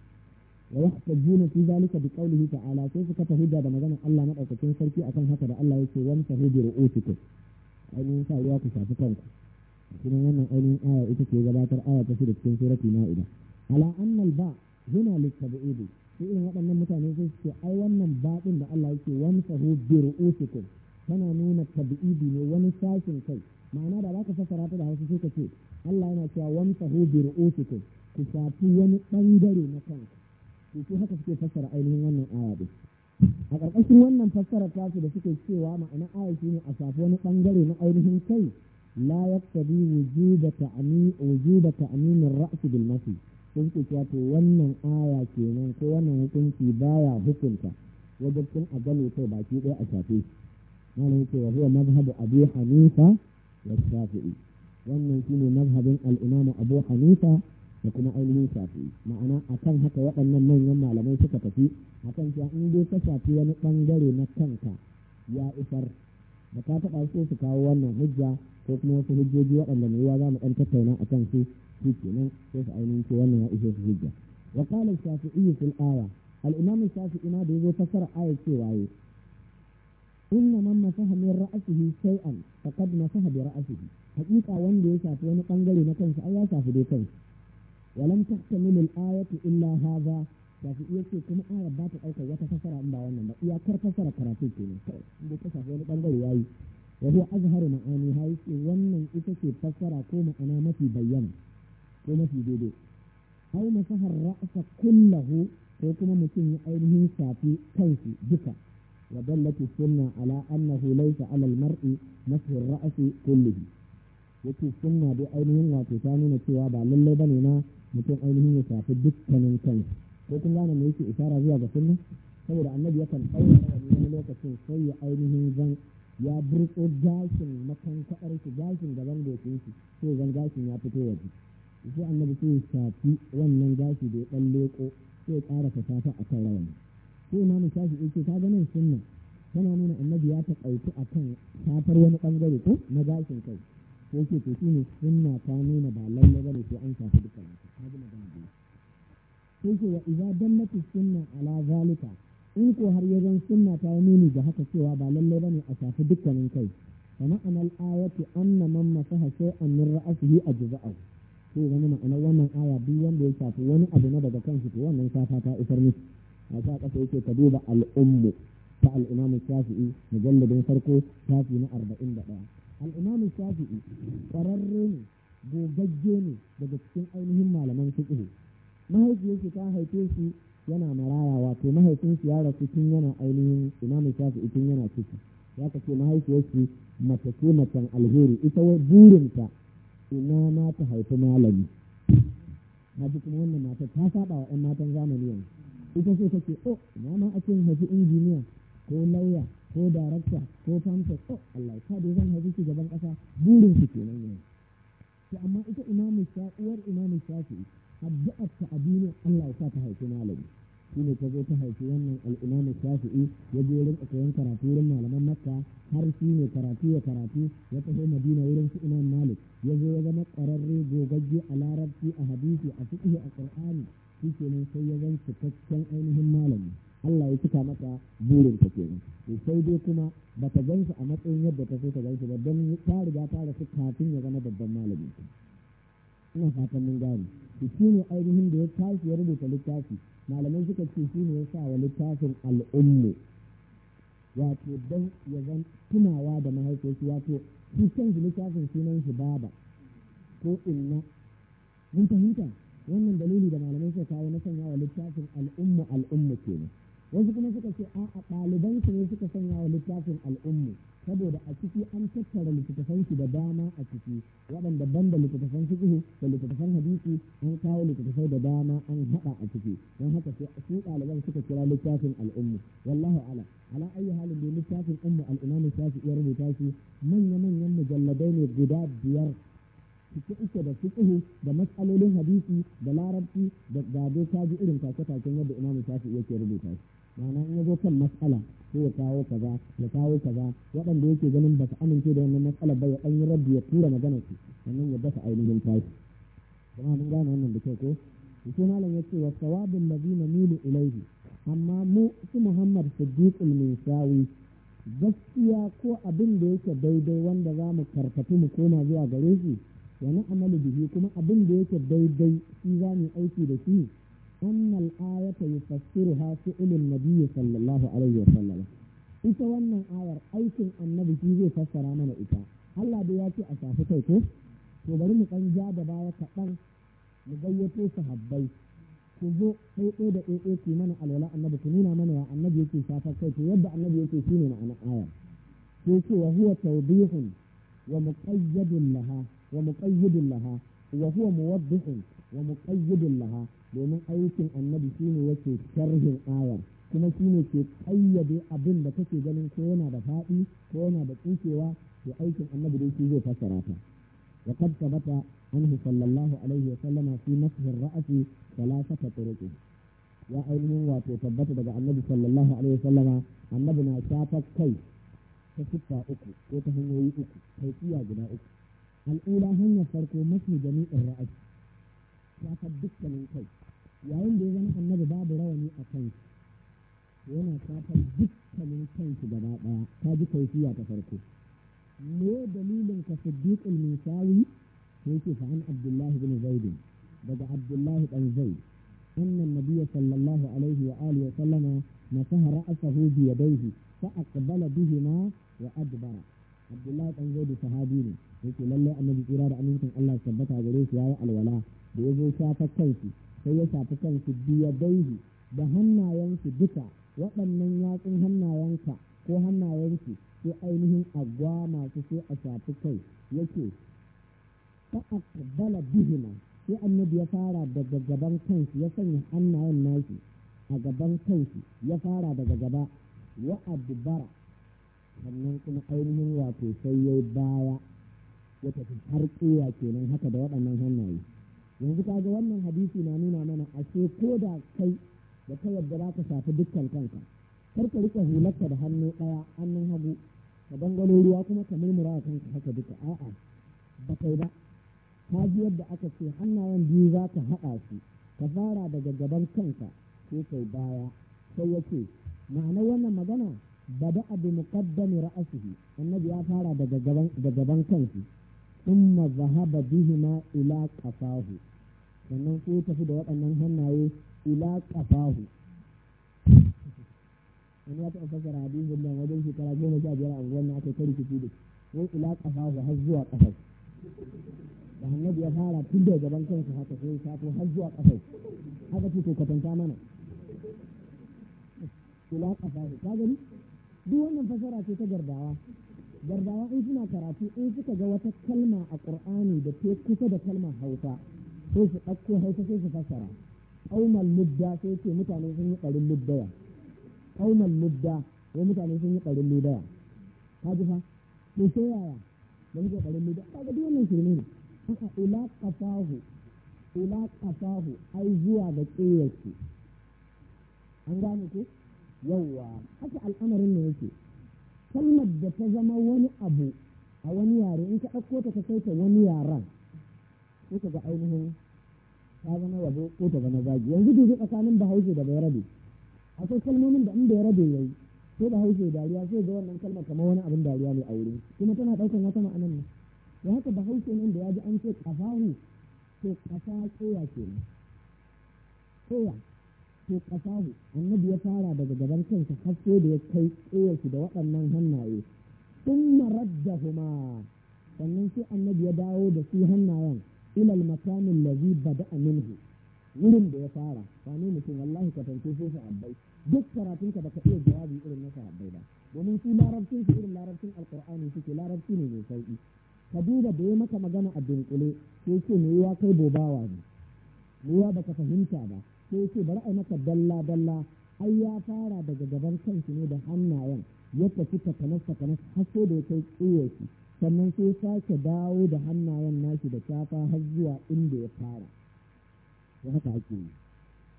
wa yahtajuna fi zalika bi qawlihi ta'ala sai suka fahimta da maganar Allah madaukakin sarki akan haka da Allah yake wan tahidu ru'utukum ainihin sa ruwa ku shafi kanku kuma wannan ainihin aya ita ce gabatar aya ta shi da cikin surati na'ida ala annal ba huna litabidi sai irin waɗannan mutane sai su ce ai wannan baɗin da Allah yake wan tahidu ru'utukum tana nuna tabi'idi ne wani sashin kai ma'ana da ba ka fassara ta da hausa sai ka ce Allah yana cewa wani taho bi ru'usikum ku shafi wani bangare na kanka to haka suke fassara ainihin wannan aya din a ƙarƙashin wannan ta su da suke cewa ma'ana aya shi ne a shafi wani bangare na ainihin kai la yaktabi wujuba ta'mi wujuba ta'min ar-ra's bil mafi sun ce cewa to wannan aya kenan ko wannan hukunci baya hukunta wajen a galo kai baki ɗaya a shafe shi wani ce wa huwa mazhabu abu hanifa da shafi'i wannan shine mazhabin al'imamu abu hanifa da kuma ainihin shafi'i ma'ana akan haka waɗannan manyan malamai suka tafi kan cewa in dai ka shafi wani ɓangare na kanka ya isar da ka taɓa so su kawo wannan hujja ko kuma wasu hujjoji waɗanda mai yiwa za mu ɗan tattauna a kan su shi kenan sai su ainihin ce wannan ya ishe su hujja wa shafi'i fil aya al shafi'i ma da ya zo fassara ayar cewa inna man masaha min ra'sihi shay'an faqad masaha bi ra'sihi haqiqa wanda ya shafi wani bangare na kansa ai ya shafi dai kansa lam tahtamil al-ayatu illa hadha shafi iya ce kuma aya ba ta ɗaukar wata fasara in ba wannan ba iyakar fasara karatu ke ne kawai da ta shafi wani bangare ya wa huwa azharu ma'ani ha yake wannan ita ce fasara ko ma'ana mafi bayyana ko mafi daidai hau masahar ra'asa kullahu ko kuma mutum ya ainihin shafi kansu duka ودلت السنة على أنه ليس على المرء مسح الرأس كله yake sunna dai ainihin wato ta nuna cewa ba lallai ba ne na mutum ainihin ya shafi dukkanin kansa ko kun gane me yake isara zuwa ga sunna saboda annabi yakan ɗaura wani lokacin sai ya ainihin zan ya burtso gashin makankaɗar shi gashin gaban dokin shi sai zan gashin ya fito waje sai annabi sai ya shafi wannan gashi da ya ɗan leƙo sai ya ƙara fasafa a kan rawani sai imamu shafi yake ka ga nan sunna tana nuna annabi ya taƙaitu a kan safar wani bangare ko na gashin kai ko ke to shi ne sunna ta nuna ba lalle ba ne sai an shafi duka ka ji magana biyu ko ke wa idza dallatu sunna ala zalika in ko har ya zan sunna ta nuni ga haka cewa ba lalle ba ne a shafi dukkanin kai fa ma'ana al an anna man masaha shay'an min ra'sihi ajza'ahu to wani ma'anar wannan aya duk wanda ya shafi wani abu na daga kansu to wannan safa ta isar miki a ta yake ka duba al'ummu ta al'imamu shafi'i mujalladin farko shafi na arba'in da ɗaya al'imamu shafi'i ƙwararre ne gogagge ne daga cikin ainihin malaman fiqh mahaifiyarsu ta haife shi yana maraya wato mahaifinsu ya rasu tun yana ainihin imamu shafi'i tun yana ciki ya kace mahaifiyarsu mace ce macen alheri ita wai burinta ina na ta haifi malami na kuma wannan mata ta saba wa 'yan matan zamani yanzu ita sai ta ce oh na ma a cikin haifi injiniya ko lauya ko darakta ko famsa oh Allah ta dai zan haifi shugaban ƙasa burin su kenan ne to amma ita imamu sha'uwar imamu shafi'i addu'ar ta a Allah ya sa ta haifi malami shi ne ta zo ta haifi wannan al'imamu shafi'i ya je wurin koyon karatu wurin malaman makka har shi ne karatu ya karatu ya taho madina wurin su imam malik ya zo ya zama ƙwararre gogagge a larabci a hadisi a fiƙi a ƙur'ani shi nan sai ya zan cikakken ainihin malami Allah ya cika masa burin ta kenan to sai dai kuma ba ta gan a matsayin yadda ta so ta gan ba don ta riga ta rasu kafin ya zama babban malami ina fatan mun gane to shi ne ainihin da ya tashi ya rubuta littafi malamai suka ce shi ne ya sa wa littafin al'ummu wato don ya zan tunawa da mahaifiyarsu wato shi canji littafin sunan shi baba ko inna mun fahimta wannan dalili da malamai suka kawo na sanya wa littafin al'ummu al'ummu kenan wasu kuma suka ce a'a ɗaliban su ne suka sanya wa littafin al'ummu saboda a ciki an tattara littattafan da dama a ciki waɗanda ban da littattafan fiqh da littattafan hadisi an kawo littattafai da dama an haɗa a ciki don haka su ɗaliban suka kira littafin al'ummu wallahu ala ala ayi halin da littafin ummu al shafi ya rubuta shi manya manyan mujalladai ne guda biyar ciki ike da fiqhu da matsalolin hadisi da larabci da gado ta ji irin take-taken yadda imamu shafi'i yake rubuta shi ma'ana in ya zo kan matsala ko ya kawo kaza ya kawo kaza waɗanda yake ganin ba ka amince da wannan matsalar ba ya ɗan yi rabbi ya tura magana su sannan ya dasa ainihin tashi kuma mun gane wannan da kyau ko shi malam ya ce wa sawabin madina milu ilaihi amma mu su muhammad siddiqul minsawi gaskiya ko abin da yake daidai wanda za mu karkatu mu koma zuwa gare shi wani amalu bihi kuma abin da yake daidai shi za mu aiki da shi annal ayata yufassiruha fi'lun nabiy sallallahu alaihi wa sallam ita wannan ayar aikin annabi shi zai fassara mana ita Allah da ya ce a shafi kai ko to bari mu kan ja da baya kaɗan mu gayyato sahabbai ku zo ɗaiɗai da ɗaiɗai ku mana alwala annabi ku nuna mana ya annabi yake shafar kai to yadda annabi yake shi ne ma'ana ayar ko ce wa huwa tawbihun wa muqayyadun laha wa muqayyidun laha wa huwa muwaddihun wa laha domin aikin annabi shine yake sharhin ayar kuma shine ke kayyade abin da kake ganin ko yana da faɗi ko yana da tsinkewa da aikin annabi dai shi zai fassara ta وقد ثبت عنه صلى الله عليه وسلم في مسح الرأس ثلاثة طرق ya ainihin wato tabbata daga annabi sallallahu alaihi sallama annabi na shafar kai ta siffa uku ko ta hanyoyi uku kai guda uku al'ula hanyar farko mafi jami'in ra'ayi shafar dukkanin kai yayin da ya zama annabi babu rawani a kan yana shafar dukkanin kansu gaba ɗaya ta ji kaifiya ta farko me dalilin ka siddiq al-musawi yake fa an abdullahi bin zaid daga abdullahi dan zaid anna nabiyya sallallahu alaihi wa alihi wa sallama masaha ra'sahu bi yadayhi fa aqbala bihima wa adbara abdullahi dan da sahabi ne yake lalle annabi tsira da amincin Allah tabbata gare shi yayi alwala da ya zo shafa kansu sai ya shafi kansu biya daihi da hannayensu duka waɗannan yatsun hannayenka ko hannayensu sai ainihin agwa masu sai a shafi kai yake ta akbala bihima sai annabi ya fara daga gaban kansu ya sanya hannayen nashi a gaban kansu ya fara daga gaba wa bara sannan kuma ainihin wato sai ya baya ya tafi har kewa kenan haka da waɗannan hannaye yanzu ka ga wannan hadisi na nuna mana ashe ko da kai da ta yadda za ka shafi dukkan kanka kar ka riƙe hularka da hannu ɗaya hannun hagu ka dangano ruwa kuma ka murmura kanka haka duka a'a ba kai ba ka ji yadda aka ce hannayen biyu za ka haɗa su ka fara daga gaban kanka ko kai baya sai ya ce ma'anar wannan magana bada abu muqaddami ra'asihi annabi ya fara daga gaban da gaban kansu thumma zahaba bihima ila qafahu sannan sai tafi da waɗannan hannaye ila qafahu wani ya taɓa fasara biyu da wajen shekara goma sha biyar a unguwar na aka yi rikici da wai ila ƙafahu har zuwa ƙafai da annabi ya fara tun da gaban kansu haka sai ya har zuwa ƙafai haka ce ko kwatanta mana ila qafahu ka gani duk wannan fasara ce ta gardawa gardawa in suna karatu in suka ga wata kalma a ƙur'ani da ke kusa da kalma hausa sai su ɗauko hausa sai su fasara ƙaunar ludda sai ce mutane sun yi ƙarin luddaya ƙaunar ludda ko mutane sun yi ƙarin luddaya ka ji fa to sai yaya da suke ƙarin luddaya ka ga duk wannan shirme ne haka ila ƙafahu ila ƙafahu ai zuwa ga ƙeyarki an gane ku yawwa haka al'amarin ne yake kalmar da ta zama wani abu a wani yare in ka ɗauko ta ka ta wani yaren ko ta ga ainihin ta zama yabo ko ta zama zagi yanzu dubi tsakanin bahaushe da bai rabe akwai kalmomin da in rabe yayi sai bahaushe dariya sai ga wannan kalmar kamar wani abin dariya ne a wurin kuma tana ɗaukar wata ma'anar ne da haka bahaushe ne da ya ji an ce ƙafahu ne to ƙasa tsoya ke ne tsoya ko ƙasahu annabi ya fara daga gaban kansa har da ya kai tsayarsu da waɗannan hannaye da kuma sannan sai annabi ya dawo da su hannayen ilal makamin lazi da Aminu. wurin da ya fara ne mutum wallahi ka tantu su sahabbai duk karatun ka baka iya jawabi irin na sahabbai ba domin su larabcin su irin larabcin alqur'ani suke larabci ne mai sauki ka duba da ya maka magana a dunkule sai ce me ya kai bobawa ne me ya baka fahimta ba sai ce bari a maka dalla dalla ai ya fara daga gaban kansu ne da hannayen ya tafi ta takanas har sai da ya kai shi sannan sai sake dawo da hannayen nashi da safa har zuwa inda ya fara haka ake yi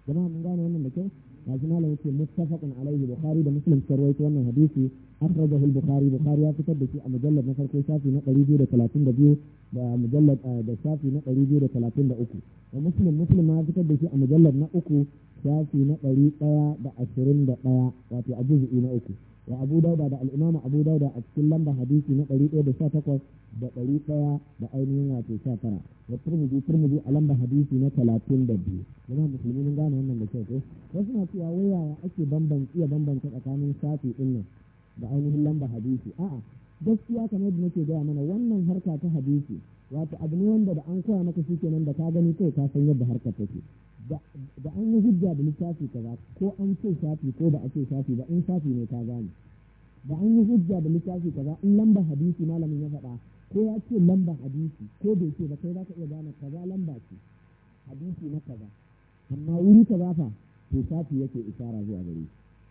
jama'a mun gane wannan da kyau yanzu malam yake muttafaqun alaihi bukhari da muslim sun rawaito wannan hadisi akhrajahu al-bukhari bukhari ya fitar da a mujallad na farko shafi na 232 da mujallad eh, da shafi na 233 da muslim muslim ya fitar da shi a mujallad na uku shafi na 121 wato a juz'i na uku wa abu dauda da al'imamu abu dauda a cikin lamba hadisi na ɗari ɗaya da sha takwas da ɗari ɗaya da ainihin wato sha da turmuzi turmuzi a lamba hadisi na talatin da biyu zama musulmi mun gane wannan da kyau ko wasu na cewa wai yaya ake bambanci ya bambance tsakanin shafi din nan da ainihin lamba hadisi a'a gaskiya kamar da nake gaya mana wannan harka ta hadisi wato abu ne wanda da an koya maka shi kenan da ka gani kai ka san yadda harkar take da an yi hujja da littafi kaza ko an ce shafi ko ba a ce shafi ba in shafi ne ka gane da an yi hujja da littafi kaza in lamba hadisi malamin ya faɗa ko ya ce lamba hadisi ko bai ce ba kai za ka iya gane kaza lamba ce hadisi na kaza amma wuri za fa to shafi yake isara zuwa gare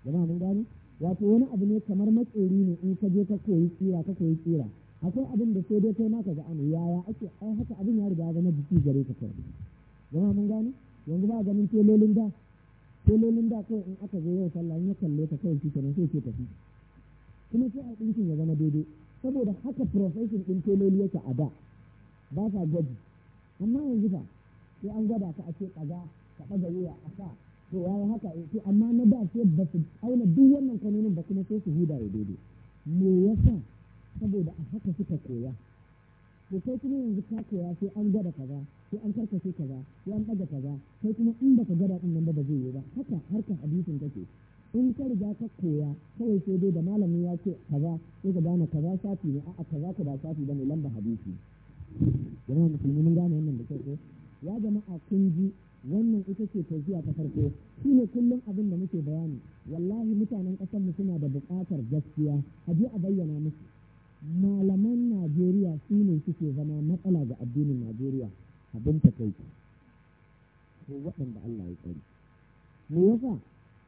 jama'a mun gane wato wani abu ne kamar matsori ne in ka je ka koyi tsira ka koyi tsira akwai abin da sai dai kai naka ga an yaya ake ai haka abin ya riga zama jiki gare ka kai zama mun gani yanzu ba ganin telolin da telolin da kai in aka zo yau sallah in ya kalle ka kai shi kenan sai ke tafi kuma sai a ɗinkin ya zama daidai saboda haka profession ɗin teloli yake a da ba ta gwaji amma yanzu fa sai an gwada ka a ce kaza ka ɗaga wuya a sa to yayi haka eh, to amma na da sai ba su auna duk wannan kanonin ba kuma sai su huda ya daidai me yasa saboda a haka suka koya to sai kuma yanzu ka koya sai an gada kaza sai an karkace kaza sai an daga kaza sai kuma in baka gada din nan ba zai yi ba haka harkar hadisin take in ka riga ka koya kawai sai dai da malamin ya ce kaza sai ka gane kaza safi ne a'a kaza ka ba safi ba ne lamba hadisi jama'a musulmi mun gane wannan da kyau ya jama'a kun ji wannan ita ce tausiya ta farko shi ne kullum abin da muke bayani wallahi mutanen ƙasar mu suna da buƙatar gaskiya a je a bayyana musu malaman najeriya su ne suke zama matsala ga addinin najeriya abin ta kai ko waɗanda allah ya tsari me yasa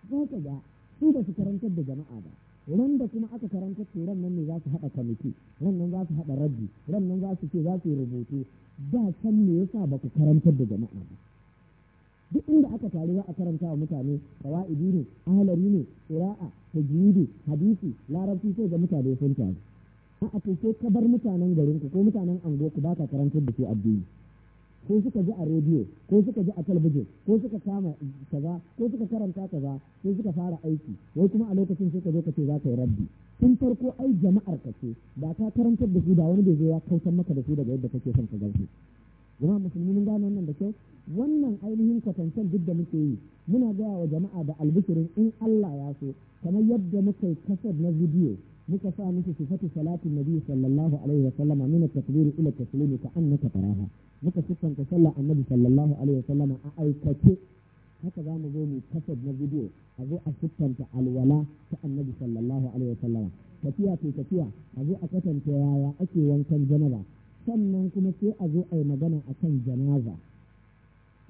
za ka ga su ba su karantar da jama'a ba ran da kuma aka karantar su ran nan ne za su haɗa kamiti, ran nan za su haɗa rabbi ran nan za su ce za su yi rubutu ba san me yasa ba ku karantar da jama'a ba duk inda aka taru za a karanta wa mutane qawaidi ne ahalari ne tsira'a tajwidi hadisi larabci sai ga mutane sun taru a'a to sai ka bar mutanen garin ku ko mutanen anguwa ku ka karantar da su addini ko suka ji a rediyo ko suka ji a talabijin ko suka kama kaza ko suka karanta kaza ko suka fara aiki wai kuma a lokacin sai ka zo ka ce za ka yi rabbi tun farko ai jama'ar ka ce ba ka karantar da su da wani bai zo ya kautar maka da su daga yadda kake son ka gamsu jama'a musulmi mun gane wannan da kyau wannan ainihin kwatancen duk da muke yi muna gaya wa jama'a da albishirin in Allah ya so kamar yadda muka yi kasar na bidiyo muka sa musu sifatu salatin nabi sallallahu alaihi wa sallama min at-takbir ila at-taslim ka annaka taraha muka sifanta sallar annabi sallallahu alaihi wa sallama a aikace haka za mu zo mu kasar na bidiyo a zo a siffanta alwala ta annabi sallallahu alaihi wa sallama tafiya ce tafiya a zo a kasance yaya ake wankan janaba sannan kuma sai a zo a yi magana a kan janaza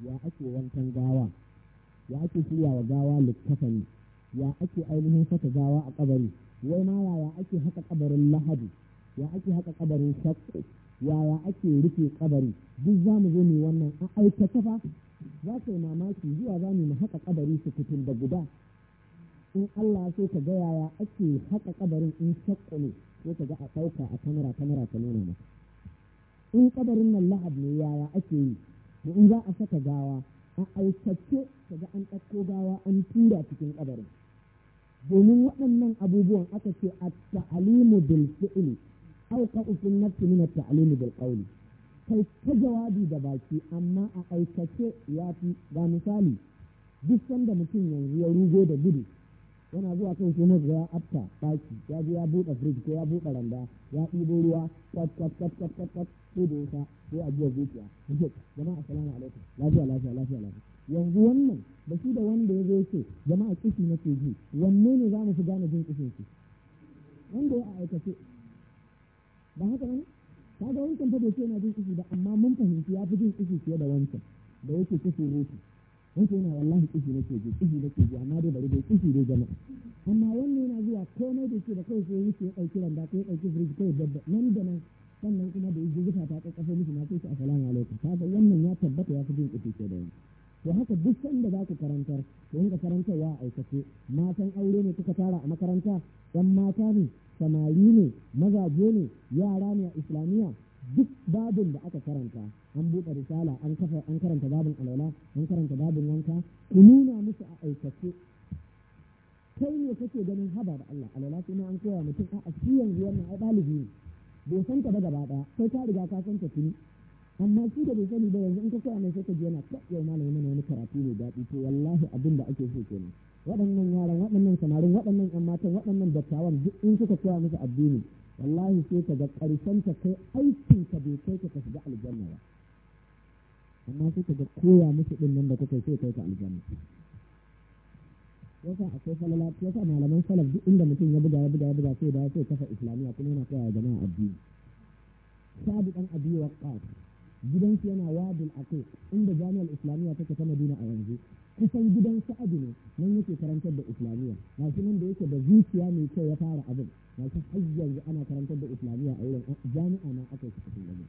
ya ake wankan gawa ya ake shirya wa gawa littafani ya ake ainihin saka gawa a kabari wai ma yaya ake haka kabarin lahadi ya ake haka kabarin shakku yaya ake rufe kabari duk za mu zo mu wannan a aikata fa za ka yi mamaki zuwa za mu haka kabari su fitin da guda in Allah so ka ga yaya ake haka kabarin in shakku ne ko ka ga a ɗauka a kamera kamera ta nuna maka in kabarin nan lahadi ne yaya ake yi da in za a saka gawa a aikace ka ga an ɗauko gawa an tura cikin kabarin domin waɗannan abubuwan aka ce a ta'alimu bil fi'li aw ka usul nafsi min ta'alimu bil qawli kai ta jawabi da baki amma a aikace ya fi ga misali duk sanda mutum yanzu ya rugo da gudu yana zuwa kan shi mu ya afta baki ya ji ya buɗe firiji ko ya buɗe randa ya ɗibo ruwa kwat kwat kwat kwat kwat ko da wuta a jiya zuciya jama'a assalamu alaikum lafiya lafiya lafiya lafiya yanzu wannan ba shi da wanda ya zo ce jama'a kishi nake ji wanne ne za mu fi gane jin kishin shi wanda ya aikace ba haka ne ta ga wancan ta doke na jin kishi ba amma mun fahimci ya fi jin kishi fiye da wancan da yake kishi rufi wancan yana wallahi kishi nake ji kishi nake ji amma dai bari dai kishi dai jama'a amma wannan yana zuwa komai da ke da kai sai yake ɗauki randa ko ya ɗauki firiji kai dabba nan da nan sannan kuma da yi jirgin zuka ta ƙaƙƙafe mishi na sai su assalamu alaikum ta ga wannan ya tabbata ya fi jin kishi fiye da wancan Da haka duk sanda za ka karantar ku yi ka karantar ya aikace matan aure ne kuka tara a makaranta ɗan mata ne samari ne mazaje ne yara ne a islamiyya duk babin da aka karanta an buɗe risala an kafa an karanta babin alwala an karanta babin wanka ku nuna musu a aikace kai ne kake ganin haba da Allah alwala kuma an koya mutum a asiyan ruwan nan ai ɗalibi ne bai san ta ba gaba ɗaya sai ka riga ka san ta tuni amma su da bai sani ba yanzu in ka sa mai sai ka ji yana ta yau malami mana wani karatu mai daɗi to wallahi abin da ake so kenan waɗannan yaran waɗannan samarin waɗannan ƴan matan waɗannan dattawan duk in suka koya musu addini wallahi sai ka ga ƙarshen ka kai aikin ka bai kai ka shiga aljanna ba amma sai ka ga koya musu ɗin nan da kuka sai kai ka aljanna yasa akwai falala yasa malaman salaf duk inda mutum ya buga ya buga ya buga sai da sai kafa islamiyya kuma yana koya jama'a addini sabu dan abi waqqas gidansu yana wadin ko inda jami'ar islamiyya take ta madina a yanzu kusan gidan sa'adu ne nan yake karantar da islamiyya na shi nan da yake da zuciya mai kyau ya fara abin na shi har yanzu ana karantar da islamiyya a wurin jami'a na aka yi cikin yanzu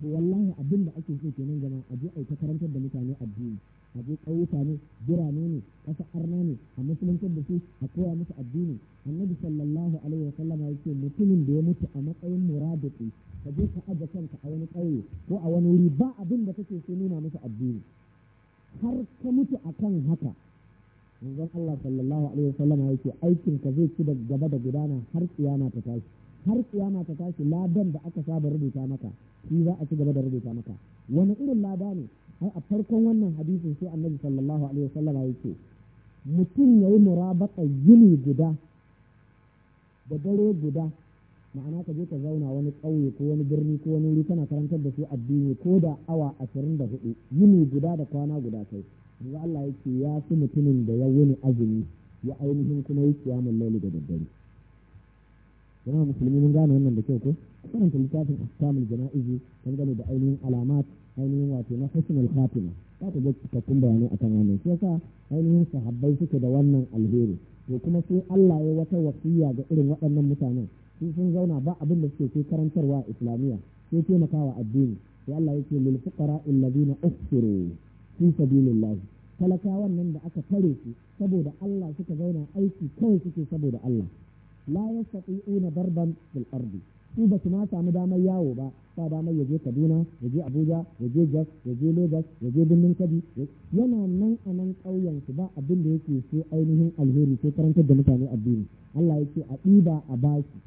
to wallahi abin da ake so kenan gama a je a karantar da mutane addini a je ƙauyuka ne birane ne ƙasa arna ne a musulunci da su a koya musu addini annabi sallallahu alaihi wa sallama yake mutumin da ya mutu a matsayin muradati ka je ka aje kanka a wani ƙauye ko a wani wuri ba abin da kake so nuna musu addini har ka mutu a kan haka manzon Allah sallallahu alaihi wasallam ce aikin ka zai ci gaba da gudana har kiyama ta tashi har kiyama ta tashi ladan da aka saba rubuta maka shi za a ci gaba da rubuta maka wani irin lada ne har a farkon wannan hadisin sai annabi sallallahu alaihi ya ce mutum yayi murabaka yini guda da dare guda ma'ana ka je ka zauna wani ƙauye ko wani birni ko wani wuri kana karantar da su addini ko da awa ashirin da hudu yini guda da kwana guda kai yanzu Allah ya ce ya fi mutumin da ya wuni azumi ya ainihin kuma yi kiyamun laili da daddare jama'a musulmi mun gane wannan da kyau ko karanta littafin ahkamul jana'izi gane da ainihin alamat ainihin wato na husnul khatima za ta ga cikakkun bayanai akan wannan shi yasa ainihin sahabbai suke da wannan alheri to kuma sai Allah ya wata wasiya ga irin waɗannan mutanen su sun zauna ba abin da suke karantarwa islamiyya sai taimakawa addini sai Allah yake lil fuqara alladhina uhsiru fi sabilillah talakawan nan da aka tare su saboda Allah suka zauna aiki kawai suke saboda Allah la yastati'una darban bil ardi su ba su ma samu damar yawo ba ba damar ya je Kaduna ya je Abuja ya je Jos ya je Lagos ya je Birnin Kebbi yana nan a nan ƙauyen su ba abin da yake so ainihin alheri ko karantar da mutane addini Allah yake a ɗiba a baki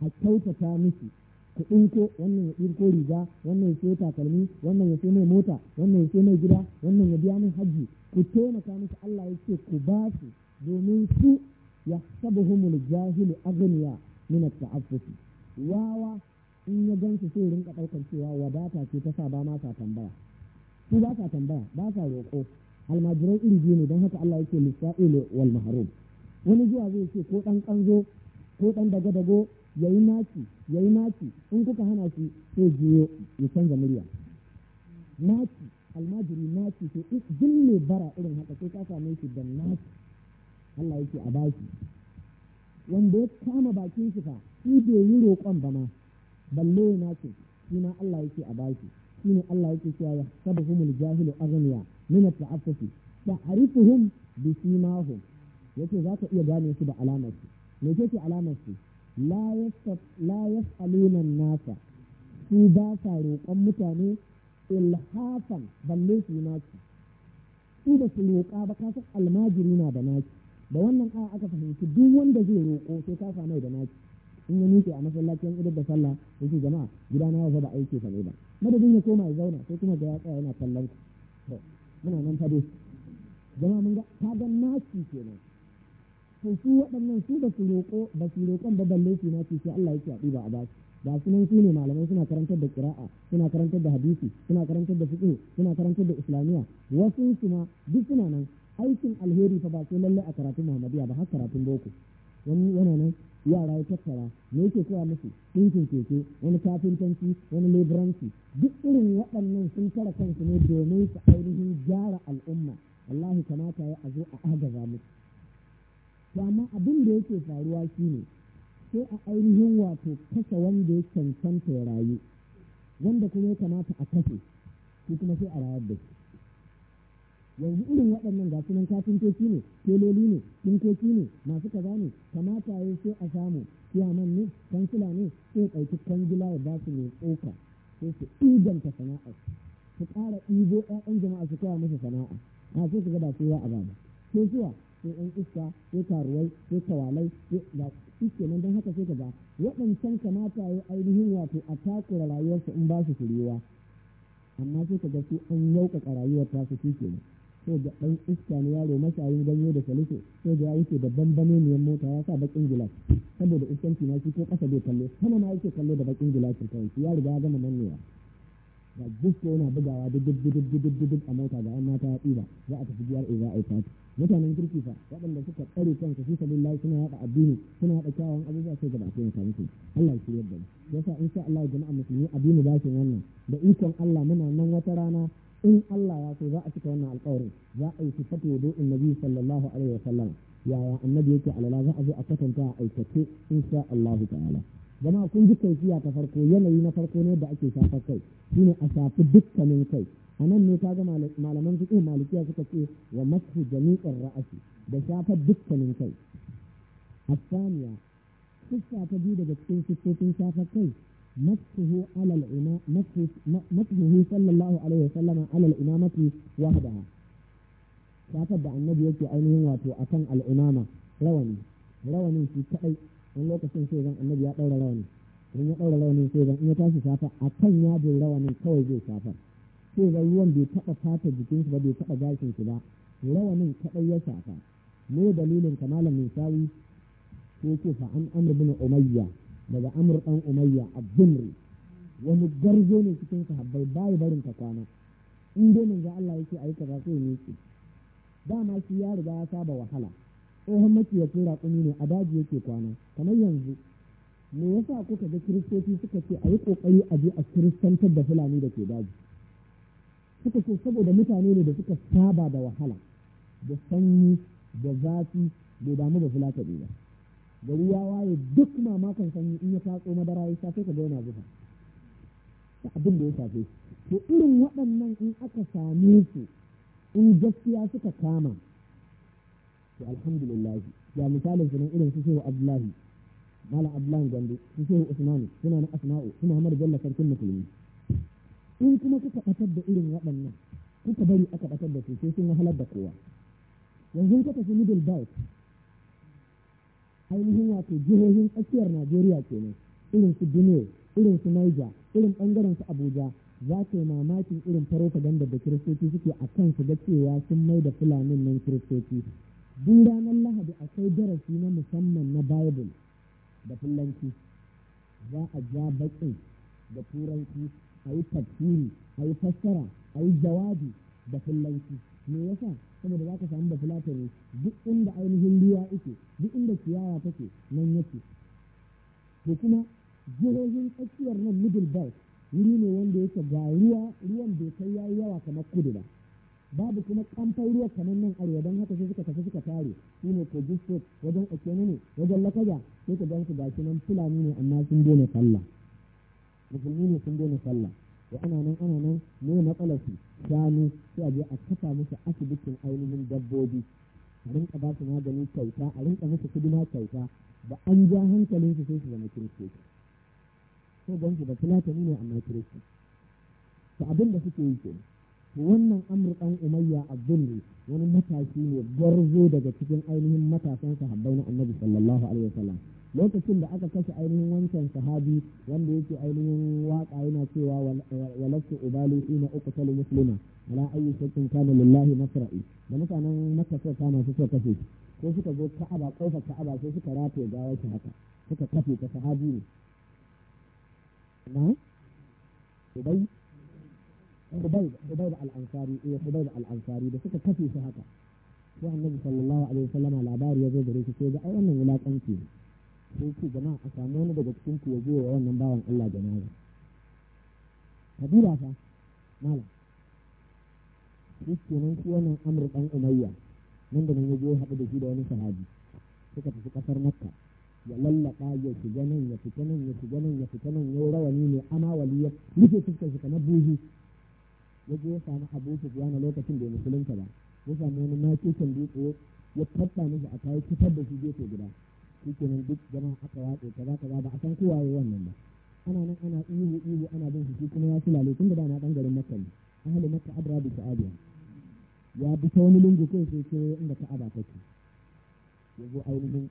a kyautata miki ku ɗinko wannan ya ɗirko riga wannan ya sai takalmi wannan ya sai mai mota wannan ya sai mai gida wannan ya biya min hajji ku taimaka musu Allah ya ce ku ba su domin su ya saba sabuhumul jahilu agniya min at-ta'affufi wawa in ya gansu sai rinka ɗaukar cewa wadata ce ta sa ba ma sa tambaya su ba sa tambaya ba sa roƙo almajirai iri biyu ne don haka Allah yake lissa'il wal mahrum wani zuwa zai ce ko ɗan ƙanzo ko ɗan dagadago. yayi naci yi naci in kuka hana shi sai juyo ya canza murya naci almajiri naci to duk mai bara irin haka sai ka same shi da naci Allah yake a baki wanda ya kama bakin shi fa shi bai yi roƙon ba ma balle ya naci shi ma Allah yake a baki shi ne Allah yake cewa ya sabahumul jahilu aghniya min at-ta'affufi arifuhum bi simahum yace za ka iya gane su da alamar su me ce alamar su la yas'alunan nasa su ba sa roƙon mutane ilhafan balle su naki su ba su roƙa ba ka san almajiri na da naki da wannan aya aka fahimci duk wanda zai roƙo sai ka mai da naki in ya nuke a masallacin idar da sallah yake jama'a na ya ba aiki sa ne ba madadin ya koma ya zauna sai kuma ga ya tsaya yana kallon ku muna nan ta dai jama'a mun ga ta ga naki kenan to su waɗannan su ba su roƙo ba su roƙon ba balle su na ce Allah yake a ɗiba a ba su su nan su ne malamai suna karantar da ƙira'a suna karantar da hadisi suna karantar da fiqh suna karantar da islamiyya wasu su ma duk suna nan aikin alheri fa ba sai lalle a karatun muhammadiya ba har karatun boko wani yana nan yara ya tattara me yake koya musu ɗinkin keke wani kafintanci wani leburanci duk irin waɗannan sun tara kansu ne domin su ainihin gyara al'umma wallahi kamata ya a zo a agaza musu to abin da yake faruwa shi ne sai a ainihin wato kasa wanda ya cancanta ya rayu wanda kuma ya kamata a kashe shi kuma sai a rayar da shi yanzu irin waɗannan ga sunan kafintoci ne teloli ne ɗinkoki ne masu kaza ne kamata ya sai a samu kiyaman ne kansila ne sai ɗauki kwangila ya ba su mai tsoka sai su inganta sana'a su ƙara ɗibo 'ya'yan jama'a su kawo masa sana'a a sai su su yi wa a bada sai ko yan iska sai karuwai ko kawalai da iske nan don haka sai ka ga waɗancan kamata ya ainihin wato a takura rayuwarsa in ba su furewa amma sai ka ga su an yauƙaƙa rayuwar ta su ke so da ɗan iska ne yaro mashayin ganye da salisu so da ya wuce babban ne mota ya sa bakin gilas saboda iskanci na shi ko ƙasa bai kallo sama ma yake kallo da baƙin gilas kawai ya riga ya gama mannewa da gusto yana bugawa da duk duk duk duk a mota ga 'yan mata ya ba za a tafi jiyar za a yi fati mutanen kirki fa waɗanda suka tsare kansu su sabbin lai suna yaɗa addini suna yaɗa kyawun abubuwa sai ga bakin ka Allah ya shirya da mu yasa in sha Allah jama'a musulmi addini ba shi wannan da ikon Allah muna nan wata rana in Allah ya so za a cika wannan alƙawarin za a yi sifatu wudu'in nabi sallallahu alaihi wa sallam yaya annabi yake alala za a zo a kwatanta a aikace in sha Allah ta'ala jama'a kun ji kaifiya ta farko yanayi na farko ne da ake shafa kai shine a shafi dukkanin kai a nan ne ga malaman fiqh malikiya suka ce wa masu jami'in ra'asi da shafa dukkanin kai asaniya siffa ta biyu daga cikin siffofin shafa kai مسحه على الإمام sallallahu alaihi wa sallama وسلم ina الإمامة وحدها شافت da annabi yake ainihin wato akan al'imama rawani rawanin shi kaɗai wani lokacin sai zan annabi ya ɗaura rawani idan ya ɗaura rawani sai zan in ya tashi safa a kan yajin rawanin kawai zai safar sai zan ruwan bai taɓa fata jikinsu ba bai taɓa gashin su ba rawanin kaɗai ya safa me dalilin kamalan misali ko ce fa an amur bin umayya daga amur ɗan umayya a zimri wani garzo ne cikin sahabbai ya barin ta kwana in dai za Allah yake ayi kaza sai ne dama shi ya riga ya saba wahala tsohon maciyacin raƙumi ne a daji yake kwana kamar yanzu me yasa kuka ga kiristoci suka ce a yi ƙoƙari a je a kiristantar da fulani da ke daji suka ce saboda mutane ne da suka saba da wahala da sanyi da zafi da damu da fulata fulatani ba gari ya waye duk mamakan sanyi in ya tatso madara ya safe ka ga yana zufa ta abin da ya shafe to irin waɗannan in aka same su in gaskiya suka kama to alhamdulillah ya misalin sunan irin su shehu abdullahi mala abdullah gandu su shehu usman suna na asma'u suna mar jalla sarkin musulmi in kuma kuka ɓatar da irin waɗannan kuka bari aka ɓatar da su sai sun halar da kowa yanzu kuka tafi middle belt ainihin wato jihohin tsakiyar najeriya kenan irin su benue irin su niger irin bangaren su abuja za ka yi mamakin irin farofaganda da kiristoci suke a kan su ga cewa sun mai da fulanin nan kiristoci duk ranar lahadi akwai darasi na musamman na bible da fulanci za a ja baƙi da turanci a yi tafsiri a yi fassara a yi jawabi da fulanci me yasa saboda za ka samu da fulatani duk inda ainihin ruwa ike duk inda ciyawa take nan yake to kuma jihohin tsakiyar nan middle belt wuri ne wanda yake ga ruwa ruwan bai kai yayi yawa kamar kudu ba babu kuma kamfan ruwa kamar nan arewa don haka sai suka tafi suka tare shi ne ko state wajen okene ne wajen lakaja sai ka gansu gashi nan fulani ne amma sun daina sallah musulmi ne sun daina sallah wa ana nan ana nan ne matsalar su shanu sai a je a kafa musu asibitin ainihin dabbobi a rinka ba su magani kyauta a rinka musu kuduna kyauta ba an ja hankalin su sai su zama kiristoci ko gansu ba fulatani ne amma kiristoci to abin da suke yi kenan wannan amurkan dan umayya abdulli wani matashi ne gwarzo daga cikin ainihin matasan sahabbai na annabi sallallahu alaihi wasallam lokacin da aka kashe ainihin wancan sahabi wanda yake ainihin waka yana cewa walastu ubali ina uqtalu muslima ala ayyi shakkin kana lillahi masra'i da mutanen makka sai kama su suka kashe ko suka zo ka'aba kofar ka'aba sai suka rafe gawar shi haka suka kafe ta sahabi ne na ubai Ubayd Ubayd al-Ansari eh Ubayd al-Ansari da suka kafe shi haka sai Annabi sallallahu alaihi wasallam labari ya zo gare shi sai ga ai wannan wulakanci ne sai ku jama'a a samu wani daga cikin ku yaje wa wannan bawan Allah jana'a kabira fa malam yake nan shi wannan Amr dan Umayya nan da nan yaje haɗu da shi da wani sahabi suka tafi kasar Makka ya lallaka ya shiga nan ya fita nan ya shiga nan ya fita nan ya rawani ne ama waliyar rufe fuskar shi kamar buzu ya je ya samu abu na lokacin da ya musulunta ba ya samu wani can dutse ya tabba mishi a kayi fitar da shi gefe guda shi nan duk jama'a aka watsa kaza kaza ba a san kowa wannan ba ana nan ana ihu ihu ana bin shi kuma ya sulale tun da ba dan garin makka ne ahli makka abra bi ta'abiya ya bi ta wani lungu kai sai ce inda ka'aba take ya zo ainihin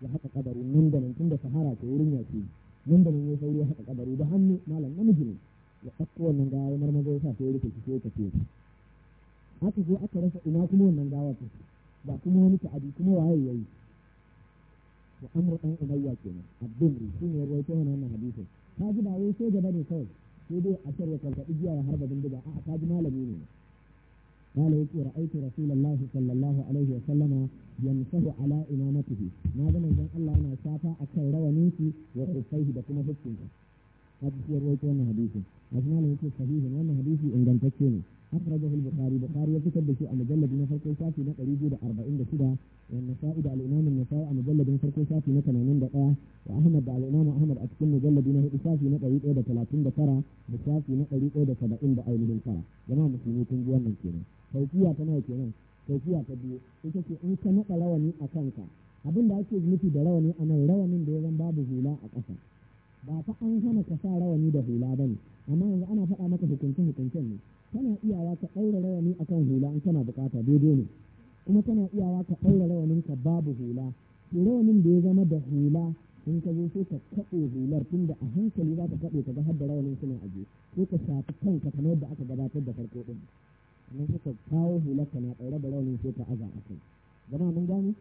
ya haka kabarin nan da nan tun da sahara ta wurin yaki nan da nan ya sauri ya haka kabaru da hannu malam namiji ne ya ɗauko wannan gawa ya marmaza ya sa ta rufe ta ta ce aka zo aka rasa ina kuma wannan gawa ta ba kuma wani ta abu kuma waye yayi to amru dan ubayya kenan abdul shi ne ya rawaito wannan hadisin ka ji ba wai gaba ne kawai sai dai a sarwa karkaɗi jiya ya harba bindiga a ka ji malami ne قال يقول رأيت رسول الله صلى الله عليه وسلم ينصه على إمامته ما زمن الله أنا شافا أكثر ونيسي وخفيه بكما فكتنه hadisi ya rawaito wannan hadisi wasu malam yake sahihi ne wannan hadisi ingantacce ne akhrajahu al bukhari bukhari ya fitar da shi a mujallad na farko shafi na 246 wannan sa'i da al imam an nasa'i a mujallad na farko shafi na 81 wa ahmad da al imam ahmad a cikin mujallad na hudu shafi na 139 da shafi na 170 da ainihin kara jama'a musulmi kun ji wannan kenan tauqiya ta nawa kenan tauqiya ta biyu ita ce in ka naka rawani a kanka abin da ake nufi da rawani a nan rawanin da ya babu hula a ƙasa ba ta an hana ka sa rawani da hula ba ne amma yanzu ana faɗa maka hukunce hukuncen ne tana iyawa ka ɗaura rawani akan hula in kana bukata daidai ne kuma tana iyawa ka ɗaura rawanin ka babu hula rawanin da ya zama da hula in ka zo sai ka kaɗe hular tun da a hankali za ka kaɗe ka ga har da rawanin suna aje ko ka shafi kanka kamar yadda aka gabatar da farko ɗin sannan ka kawo hular ka na ɗaura da rawanin sai ka aza a kai zama mun gane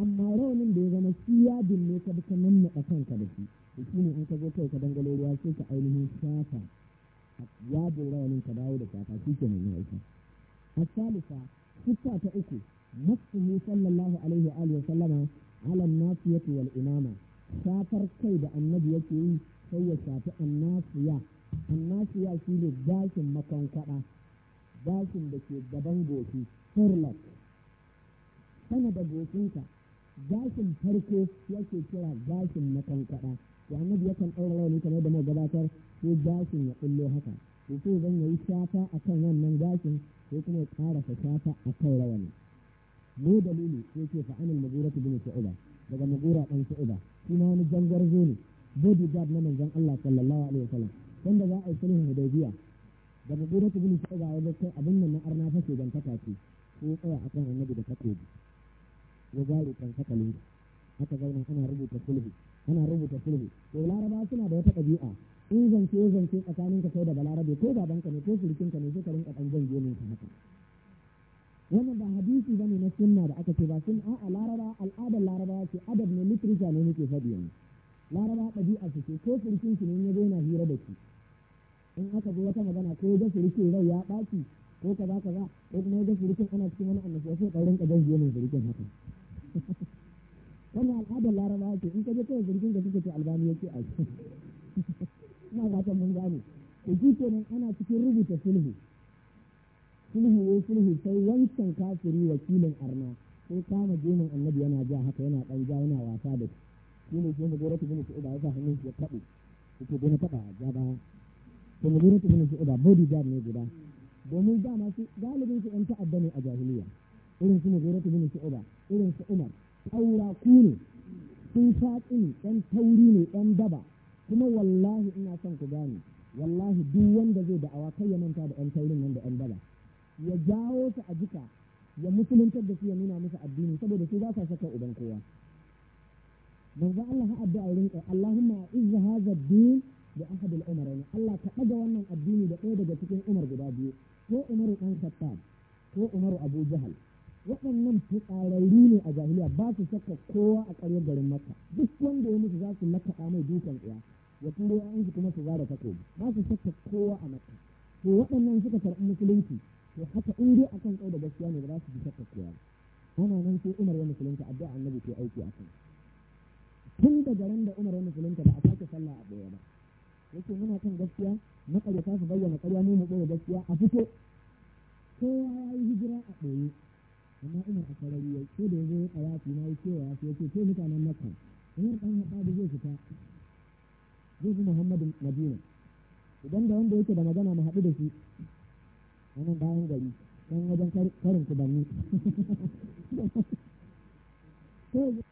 amma rawanin da ya zama shi yadin ne ka bi ka nannaɗa kanka da shi shi ne in ka zo kai ka dangalo ruwa sai ka ainihin shafa yajin rawanin ka dawo da shafa shi ke nan aiki asalisa siffa ta uku nafsuhu sallallahu alaihi wa alihi sallama Alam nasiyati wal imama shafar kai da annabi yake yi sai ya shafi annasiya annasiya shi ne gashin makankaɗa, gashin da ke gaban goshi furlak sana da goshinka gashin farko yake kira gashin makankaɗa. ya annabi yakan ɗaura rauni kamar da mu gabatar ko gashin ya ƙullo haka ko ko zan yi shafa kan wannan gashin ko kuma ya ka shafa akan rawani mu dalili sai ce fa'anil ta bin sa'uba daga magura ɗan shi kuma wani jangar zangarzo ne bodyguard na manzon Allah sallallahu alaihi wasallam wanda za a yi sulhun hudaybiya da ta bin sa'uba ya kai abin nan na arna fashe dan ta tafi ko tsaya akan annabi da takobi ya gari kan sakalin haka zauna ana rubuta sulhu ana rubuta sulhu to laraba suna da wata ɗabi'a in zance zance tsakanin ka kai da balarabe ko babanka ne ko surukinka ne suka rinka ɗan zan gome ka haka wannan ba hadisi ba ne na sunna da aka ce ba sun a'a laraba al'adar laraba ce adab ne literature ne muke faɗi yanzu laraba ɗabi'a su ce ko surukin ne ya zo hira da ki in aka zo wata magana ko ga surukin rai ya ɓaci ko kaza kaza ko kuma ya ga ana cikin wani annabi sai ɗaurin ka zan gome surukin haka wannan al'adar laraba ce in ka je kawai jirgin da suka ce albani yake a shi ina fatan mun gane to shi nan ana cikin rubuta sulhu sulhu ya eh, sulhu sai wancan kafiri wakilin arna sai kama jemin annabi yana ja haka yana ɗan ja yana wasa da shi shi ne shi mugoro ta gina shi uba ya sa hannun shi ya kaɗe yake gona faɗa ja ba to mugoro ta bin su uba jar guard ne guda domin dama su galibin su ‘yan ta'adda ne a jahiliya irin su mugoro ta gina shi uba irin su umar ku ne sun shaƙin ɗan tauri ne ɗan daba kuma wallahi ina son ku gane wallahi duk wanda zai da'awa kai ya manta da ɗan taurin nan da ɗan daba ya jawo su a jika ya musuluntar da su ya nuna musu addini saboda su za su saka uban kowa za Allah ha addu'a wurin kai Allahumma izza haza din da ahad al umarni, Allah ka ɗaga wannan addini da ɗaya daga cikin umar guda biyu ko umaru ɗan Khattab ko umaru Abu Jahal waɗannan fitsararru ne a jahiliya ba su saka kowa a ƙarya garin maka duk wanda ya mutu za su maka mai dukan tsaya ya turo ya kuma su zara takobi ba su saka kowa a maka to waɗannan suka karɓi musulunci to haka in dai a kan da gaskiya ne ba za su ji saka kowa ba ana nan sai umar ya musulunta addu'a annabi ke aiki a kan tun da garin da umar ya musulunta ba a sake sallah a ɓoye ba yake muna kan gaskiya ta su bayyana ƙarya ne mu ɗaya gaskiya a fito kowa ya yi hijira a ɓoye amma ina a sarari sai da yanzu a yaki na yi cewa sai ce ko mutanen makka in ɗan haɗa da zai fita zai fi muhammadin madina idan da wanda yake da magana mu haɗu da shi wannan bayan gari dan wajen karin kubanni